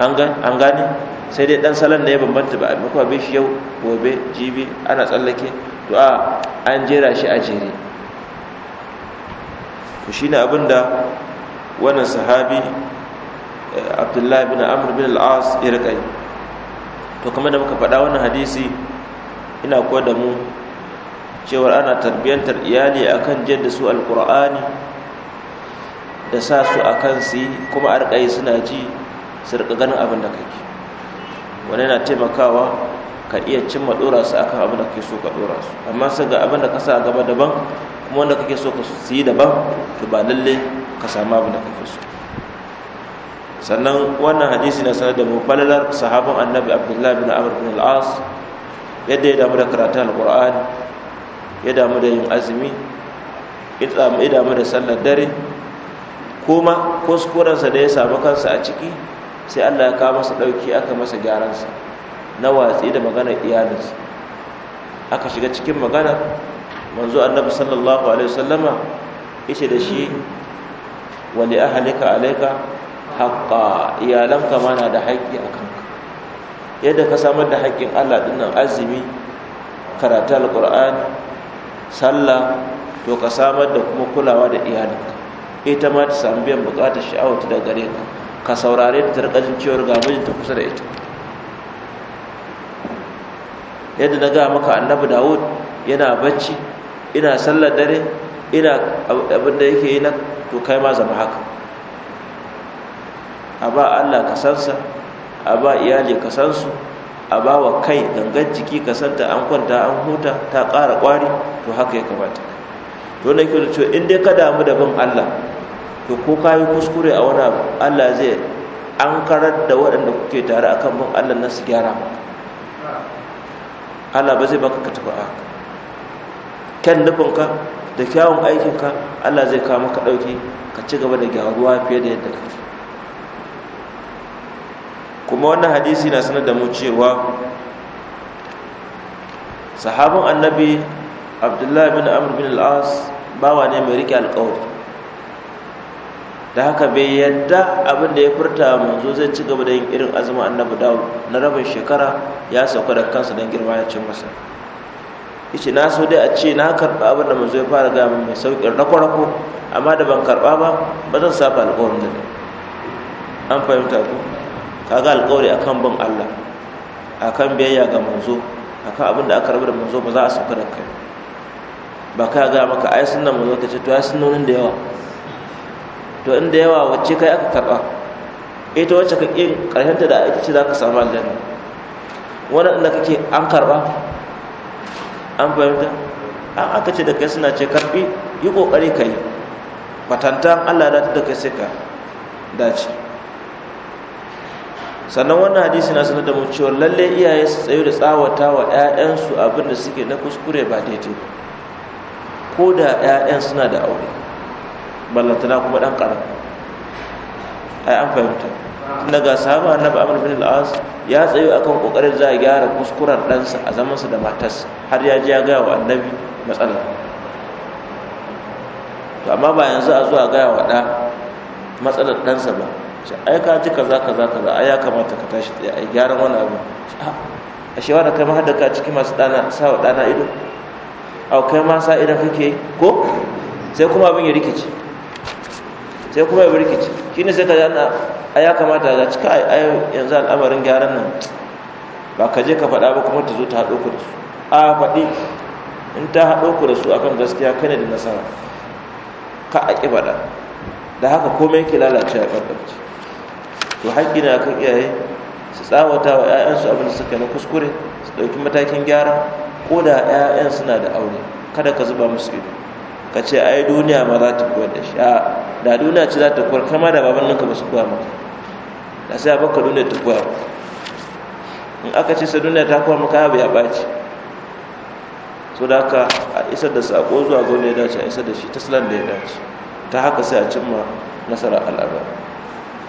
an gane sai dai dan salon da ya bambanta ba a shi yau gobe jibi ana tsallake to a an jera shi a jere to shine abinda wannan sahabi eh, Abdullahi bin Amr bin al-As ya rika yi to kamar da muka faɗa wannan hadisi ina koyar da mu cewar ana tarbiyantar iyali akan jadda su alkur'ani da sa su akan su kuma a suna ji su rika ganin abin da kake wani yana taimakawa ka iya cimma dora su akan abin da kake so ka dora su amma sai ga abin da ka sa gaba daban kuma wanda kake so ka su yi daban to ba lalle ka samu abin da kake so sannan wannan hadisi na sanar da mu sahabin annabi abdullahi bin amr bin al-as yadda ya damu da karatun Al-Qur'ani, ya damu da yin azumi ya damu da sallar dare kuma kuskurensa da ya samu kansa a ciki sai Allah ya kawo masa ɗauki aka masa gyaransa na watsi da maganar iyalinsa aka shiga cikin magana, manzo annabi sallallahu alaihi wasallama yace da shi wa li ahlika alayka haqqa iyalanka ma na da haƙƙi akan ka yadda ka samar da haƙƙin Allah dinnan azumi karatu alqur'ani sallah to ka samar da kuma kulawa da iyalinka ita ma ta samu biyan buƙatar sha'awar ta da gare ka ka saurare da tarkacin cewar ga mijinta kusa da ita yadda na gaya maka annabi dawud yana bacci ina sallar dare ina abinda yake yi nan to kai ma zama haka a ba allah ka sansa a ba iyali ka san su a ba wa kai gangan jiki ka santa an kwanta an huta ta kara kwari to haka ya kamata to na kyau cewa in dai ka damu da bin allah to ko ka yi kuskure a wani abu Allah zai an karar da waɗanda kuke tare a kan bin Allah na su gyara maka Allah ba zai baka ka tafi haka kyan nufinka da kyawun aikinka Allah zai kawo maka ɗauki ka ci gaba da gyaruwa fiye da yadda kake kuma wannan hadisi na sanar da mu cewa sahabin annabi abdullahi bin amur bin al'as bawa ne mai rike alƙawari da haka bai yadda abin da ya furta manzo zai ci gaba da yin irin azuma annabi dawo na rabin shekara ya sauka da kansa don girma ya cin masa ishi na so dai a ce na karɓa abin da manzo ya fara gaya min mai sauƙi rako-rako amma da ban karɓa ba ba zan safa alƙawarin da an fahimta ku kaga alƙawari akan bin Allah akan biyayya ga manzo akan abin da aka rabu da manzo ba za a sauka da kai ba ka ga maka ai sunan manzo ta ce to ai sunnonin da yawa to inda yawa wacce kai aka karba ita wacce ka ƙin ta da ita ce za ka samu aljanna waɗanda kake an karba an fahimta an aka ce da kai suna ce karbi yi ƙoƙari ka yi allah da da kai sai ka dace sannan wannan hadisi na sanar da mu cewa lalle iyaye su tsayo da tsawata wa 'ya'yansu abin da suke na kuskure ba daidai ko da 'ya'yan suna da aure ballantana kuma dan karam ai an fahimta daga sahaba annabi amr bin al-as ya tsayo akan kokarin za a gyara kuskuren ɗansa a zamansa da matas, har ya ji ya gaya wa annabi matsalar to amma ba yanzu a zuwa gaya wa ɗa matsalar ɗansa ba shi ai ka ji kaza kaza kaza ai ya kamata ka tashi tsaye ai gyaran wani abu a ah, shewa da kai ma har da ka ciki masu ɗana sa wa ɗana ido a kai ma sa idan kake ko sai kuma abin ya rikici sai kuma ya birkice shi ne sai ka ji a ya kamata ga cika a yanzu al'amarin gyaran nan ba ka je ka faɗa ba kuma ta zo ta haɗo ku da su a faɗi in ta haɗo ku da su akan gaskiya kane da nasara ka a ƙi faɗa da haka komai ke lalace a ƙarƙarci to haƙƙi na kan iyaye su tsawata wa 'ya'yansu abin da suka na kuskure su ɗauki matakin gyara ko da 'ya'yan suna da aure kada ka zuba musu ido ka ce ai duniya ma za ta kuwa da shi da duniya ce za ta kuwa kama da baban ninka ba su kuwa maka da sai abokan duniya ta kuwa maka in aka ce sa duniya ta kuwa maka abu ya ɓaci so da haka a isar da saƙo zuwa ga ya dace a isar da shi ta da ya dace ta haka sai a cimma nasarar al'ada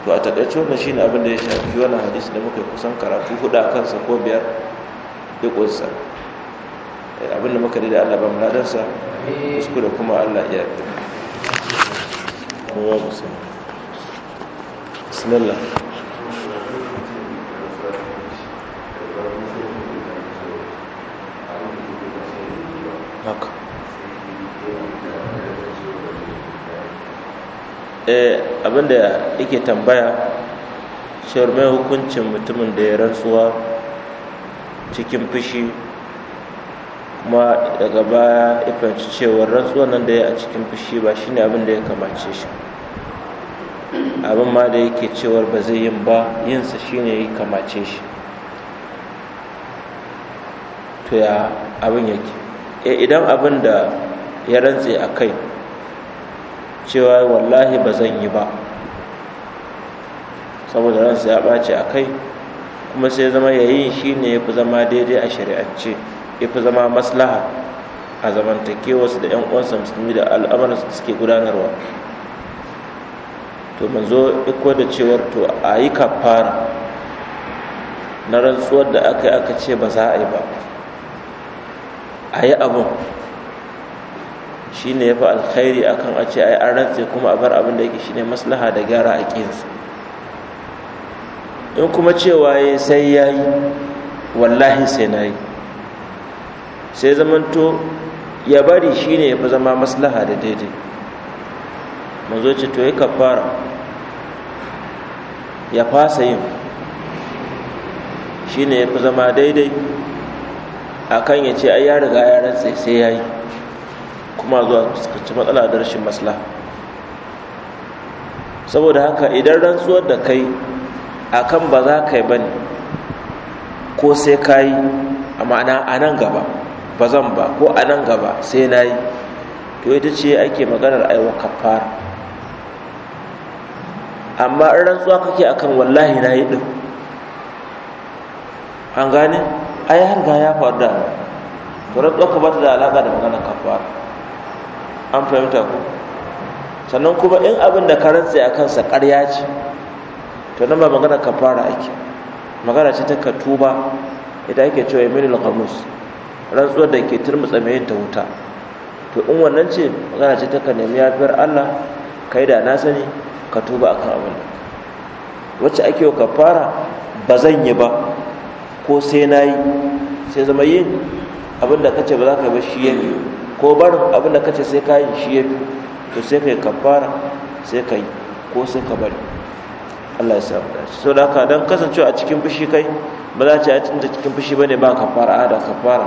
to a taƙaice wannan ne abin da ya shafi wannan hadisi da muka kusan karatu hudu a kansa ko biyar ya ƙunsa abinda muka da Allah ba mu ladansa kuskure kuma Allah ya yarda kuma musa bismillah haka eh abinda yake tambaya shawar mai hukuncin mutumin da ya rantsuwa cikin fushi kuma daga baya ya fahimci cewar rantsuwan nan da ya a cikin fushi ba shine abin da ya kamace shi abin ma da yake cewar ba zai yin ba yinsa shine ya kamace shi to ya abin yake eh, idan abin da ya rantse a kai cewa wallahi ba zan yi ba saboda ransa ya ɓace a kai kuma sai zama yayin shi ne ya fi zama daidai a shari'ance ya fi zama maslaha a zamantakewarsu da 'yan uwansa musulmi da al'amuran su suke gudanarwa to manzo iko da cewar to a yi kafara na rantsuwar da aka yi aka ce ba za a yi ba a yi abin shi ne ya fi alkhairi akan a ce a yi an rantse kuma a bar abin da yake shi ne maslaha da gyara a ƙinsa in kuma cewa ya sai ya yi wallahi sai na yi sai zamanto ya bari shine ya fi zama maslaha da daidai manzo ce to ya kafara ya fasa yin shi ne ya fi zama daidai akan ya ce ya riga ya rantse sai ya yi kuma zuwa fuskanci matsala da rashin maslaha saboda haka idan rantsuwar da kai akan ba za ka yi ba ne ko sai ka yi a ma'ana a nan gaba ba zan ba ko a nan gaba sai na yi to ita ce ake maganar aiwa kafara amma in rantsuwa kake akan wallahi na yi ɗin an gane ai har ga ya faru da to rantsuwa ka ba ta da alaƙa da maganar kafara an fahimta ku sannan kuma in abin da ka rantse a kansa ƙarya ce to nan ba maganar kafara ake magana ce ta ka tuba ita ake cewa al ghamus rantsuwar da ke turmutsa mai ta wuta to in wannan ce magana ce ta ka nemi yafiyar Allah ka yi da na sani ka tuba akan abin wacce ake ka fara ba zan yi ba ko sai na yi sai zama yin abin da kace ba za ka yi ba shi ya yi ko barin abin da kace sai ka yi shi ya fi to sai ka yi fara sai ka yi ko sai ka bari Allah ya da dace so da haka dan kasancewa a cikin fushi kai ba za ta yi cikin fushi bane ba fara a da fara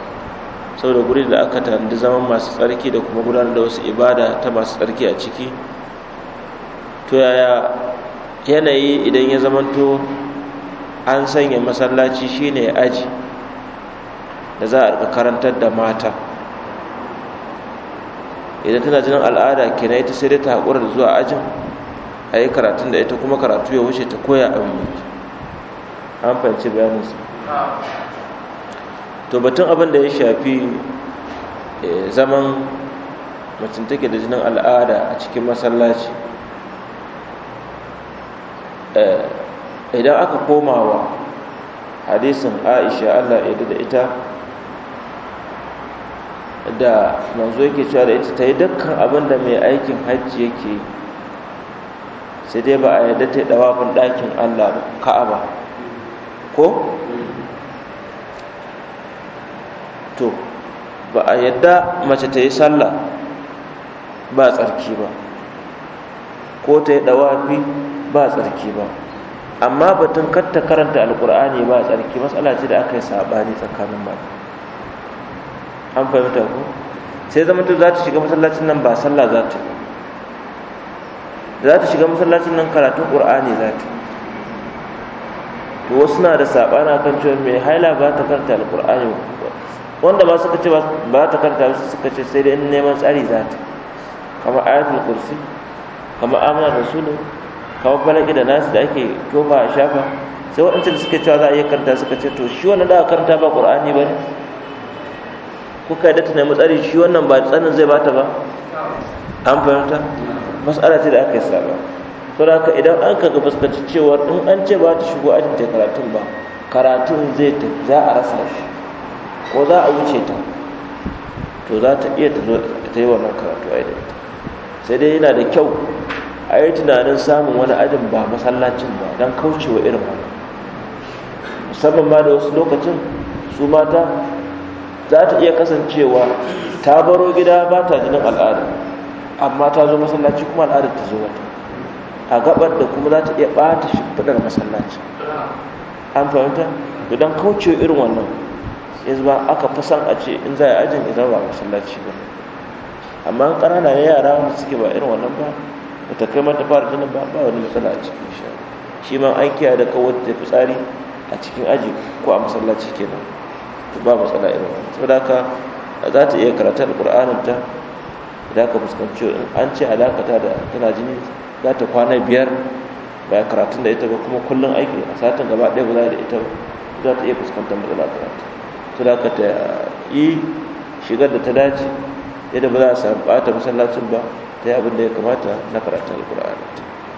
saboda guri da aka tanadi zaman masu tsarki da kuma gudanar da wasu ibada ta masu tsarki a ciki to yaya yanayi idan ya zamanto an sanya masallaci shine aji da za a karantar da mata idan tana jinin al'ada kenan ita sai dai ta haƙura da zuwa ajin a yi karatun da ita kuma karatu ya wuce ta koya a an fahimci bayaninsa to batun abin da ya shafi eh, zaman macin take da jinin al'ada a cikin masallaci eh, idan aka koma wa hadisin aisha allah ya da ita da manzo yake cewa da ita ta yi dukkan abin da mai aikin hajji yake sai dai ba a yadda ta yi dawafin ɗakin allah ka'aba ko to ba a yadda mace ta yi sallah ba tsarki ba ko ta yi dawafi ba tsarki ba amma batun katta karanta alkur'ani ba tsarki matsala ce da aka yi saɓani tsakanin ba an fahimta ku sai zama to za ta shiga masallacin nan ba sallah za ta za ta shiga masallacin nan karatun ƙur'ani za ta wasu na da saɓana kan cewa mai haila ba ta karanta alkur'ani ba wanda ba suka ce ba ta karanta su suka ce sai dai in neman tsari za ta kama ayatul kursi amina da rasulun kama balaki da nasu da ake tofa a shafa sai waɗancan suka cewa za a iya karanta suka ce to shi wannan da aka karanta ba ƙur'ani ba ne kuka yi data nemi tsari shi wannan ba tsanin zai bata ba an fahimta mas'ala ce da aka yi saba to da haka idan an kaga fuskanci cewa in an ce ba ta shigo ajin karatun ba karatun zai ta za a rasa shi ko za a wuce ta to za ta iya ta zo ta yi wa nan karatu a yi sai dai yana da kyau a yi tunanin samun wani ajin ba masallacin ba don kaucewa irin wani musamman ma da wasu lokacin su mata za ta iya kasancewa ta baro gida ba ta jinin al'ada amma ta zo masallaci kuma al'adar ta zo wata a gabar da kuma za ta iya ɓata fadar masallaci an fahimta don kaucewa irin wannan ya zuba aka fi san a ce in za a ajin idan ba masallaci ba amma ƙanana ne yara wanda suke ba irin wannan ba ba ta kai mata fara jinin ba ba wani matsala a cikin shi shi ma an kiyaye da kawo ta fitsari a cikin aji ko a masallaci kenan to ba matsala irin wannan saboda haka za ta iya karatun alƙur'anin ta da aka fuskanci an ce alakata da tana jini za ta kwana biyar bayan karatun da ita ba kuma kullum aiki a satin gaba ɗaya ba za da ita ba za ta iya fuskantar matsala karatu su da ta yi shigar da ta dace yadda ba za a samu ɓata masallacin ba ta yi abin da ya kamata na karatun alkur'ani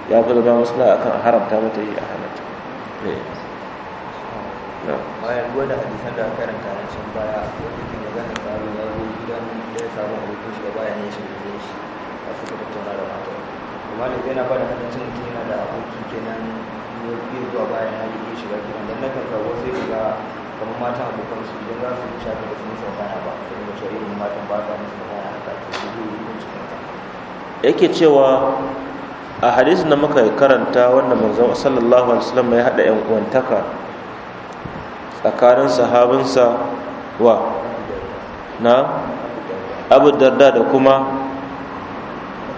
ya fi zama masu na akan haramta mata yi a halatta eh. bayan ruwa da hadisan da karanta na can baya wani ke magana tsaro ya zo gidan da ya samu abokin shi ba ya ne shi da shi a suka tattauna da mata amma da yana ba da hadisan mutum yana da aboki kenan ne zuwa bayan ya yi shiga gidan don na kan kawo sai ga kamar matan abokan su idan za su wuce da su musu magana ba su da wace irin matan ba za musu magana haka to su zai yi musu yake cewa a hadisin da muka karanta wanda manzon sallallahu alaihi wasallam ya hada yan uwantaka tsakanin sahabinsa wa na abu darda da kuma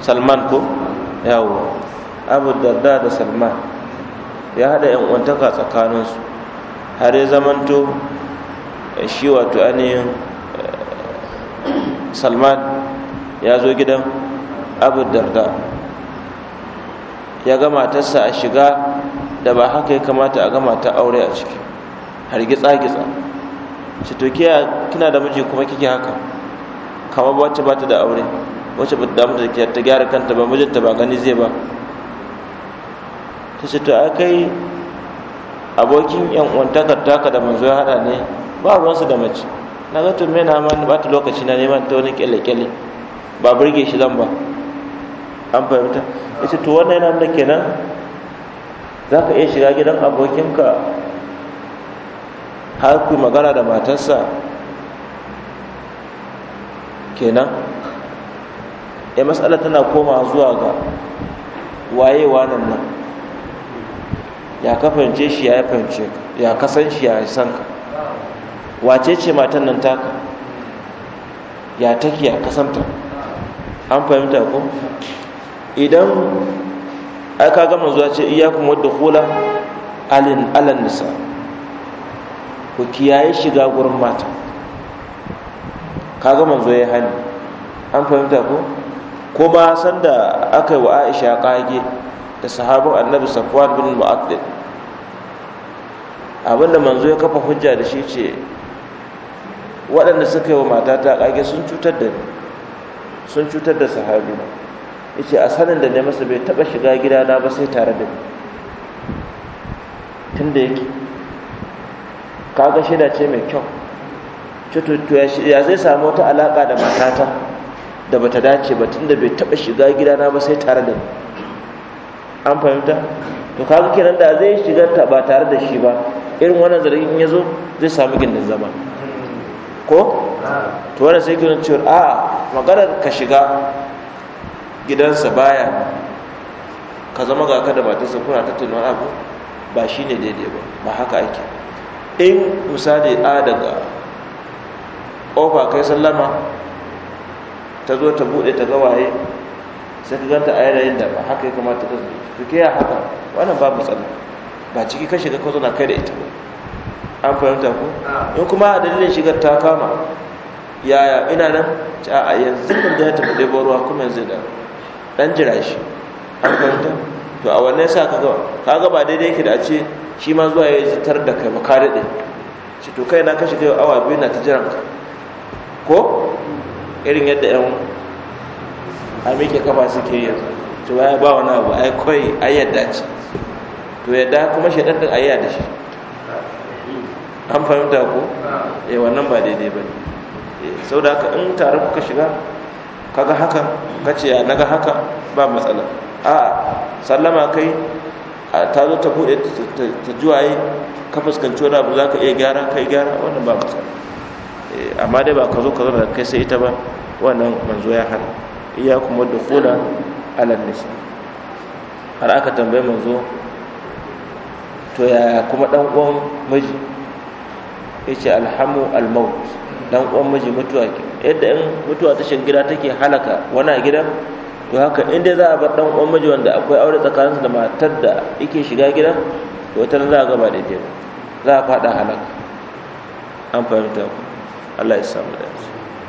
salman ko yawo abu darda da salman ya haɗa 'yan uwantaka tsakaninsu har ya zamanto eh, shi wato ainihin eh, salman ya zo gidan abu darda ya ga matarsa a shiga da ba haka ya kamata a gama ta aure a ciki har gitsa-gitsa ce to kina da miji kuma kike haka kama wacce ba ta da aure wacce ba ta damu da ta gyara kanta ba mijinta ba gani zai ba ta ce to a kai abokin yan uwantakar taka da manzo ya hada ne ba ruwansu da mace na ga mai na mani ba ta lokaci na neman ta wani kyale-kyale ba burge shi zan ba an fahimta ya ce to na yana da kenan za ka iya shiga gidan abokinka har ku magana da matarsa kenan ya eh, matsala tana koma zuwa ga wayewa nan nan ya ka fahimce shi ya fahimce ka ya ka san shi ya san ka wace ce matan nan taka ya take ya kasanta an fahimta ko idan ai ka gama zuwa ce iyakum wadda kula alin alan nisa ku kiyaye shiga gurin mata kaga manzo ya hani an fahimta ko kuma sanda aka yi wa aisha kage da sahabin annabi safwan bin mu'addin, abinda manzo ya kafa hujja da shi ce waɗanda suka yi wa matata ƙage sun cutar da ni sun cutar da sahabi yace a sanin da ne masa bai taɓa shiga gidana ba sai tare da ni tunda yake kaga shida ce mai kyau cututu ya zai samu wata alaƙa da matata da bata dace ba tunda bai taɓa shiga gidana ba sai tare da ni an fahimta to kaga kenan da zai shiga ta ba tare da shi ba irin wannan zargin ya zo zai samu gindin zama ko to wannan sai kiran cewa a'a maganar ka shiga gidansa baya ka zama ga ka da matarsa kuna tattauna abu ba shi ne daidai ba ba haka ake in misali a daga ƙofa kai sallama ta zo ta buɗe ta gawaye sai ka ganta a yanayin da ba haka ya kamata ka zuwa ka ya haka wannan babu tsalla ba ciki kashe ga ka na kai da ita ba an fahimta ku? in kuma a dalilin shigar ta kama yaya ina nan a yanzu zan da ya tafi ɗebo ruwa kuma yanzu da ɗan jira shi an fahimta to a wannan sa ka gaba ka gaba daidai yake da a ce shi ma zuwa ya zitar da kai ba ka daɗe shi to kai na ka shiga awa biyu na ta jiran ko irin yadda 'yan a miƙe kafa suke yanzu to ya ba wani abu ai kawai ai yadda ce to yadda kuma shaidan din ayya da shi an fahimta ko eh wannan ba daidai ba eh, sau da haka in tare kuka shiga kaga haka kace ya naga haka ba matsala a sallama kai ta zo ta buɗe ta juwaye ka fuskanci wani abu za ka iya gyara kai gyara wannan ba matsala eh, amma dai ba ka zo ka zo da kai sai ita ba wannan manzo ya hana iyakum wadkhula ala nisa har aka tambaye manzo to ya kuma dan uwan miji yace alhamu almaut dan uwan miji mutuwa ke yadda in mutuwa ta gida take halaka wani a gidan to haka inda za a bar dan uwan miji wanda akwai aure tsakaninsa da matar da yake shiga gida to wata za a gaba da ita za a fada halaka an fahimta Allah ya samu dace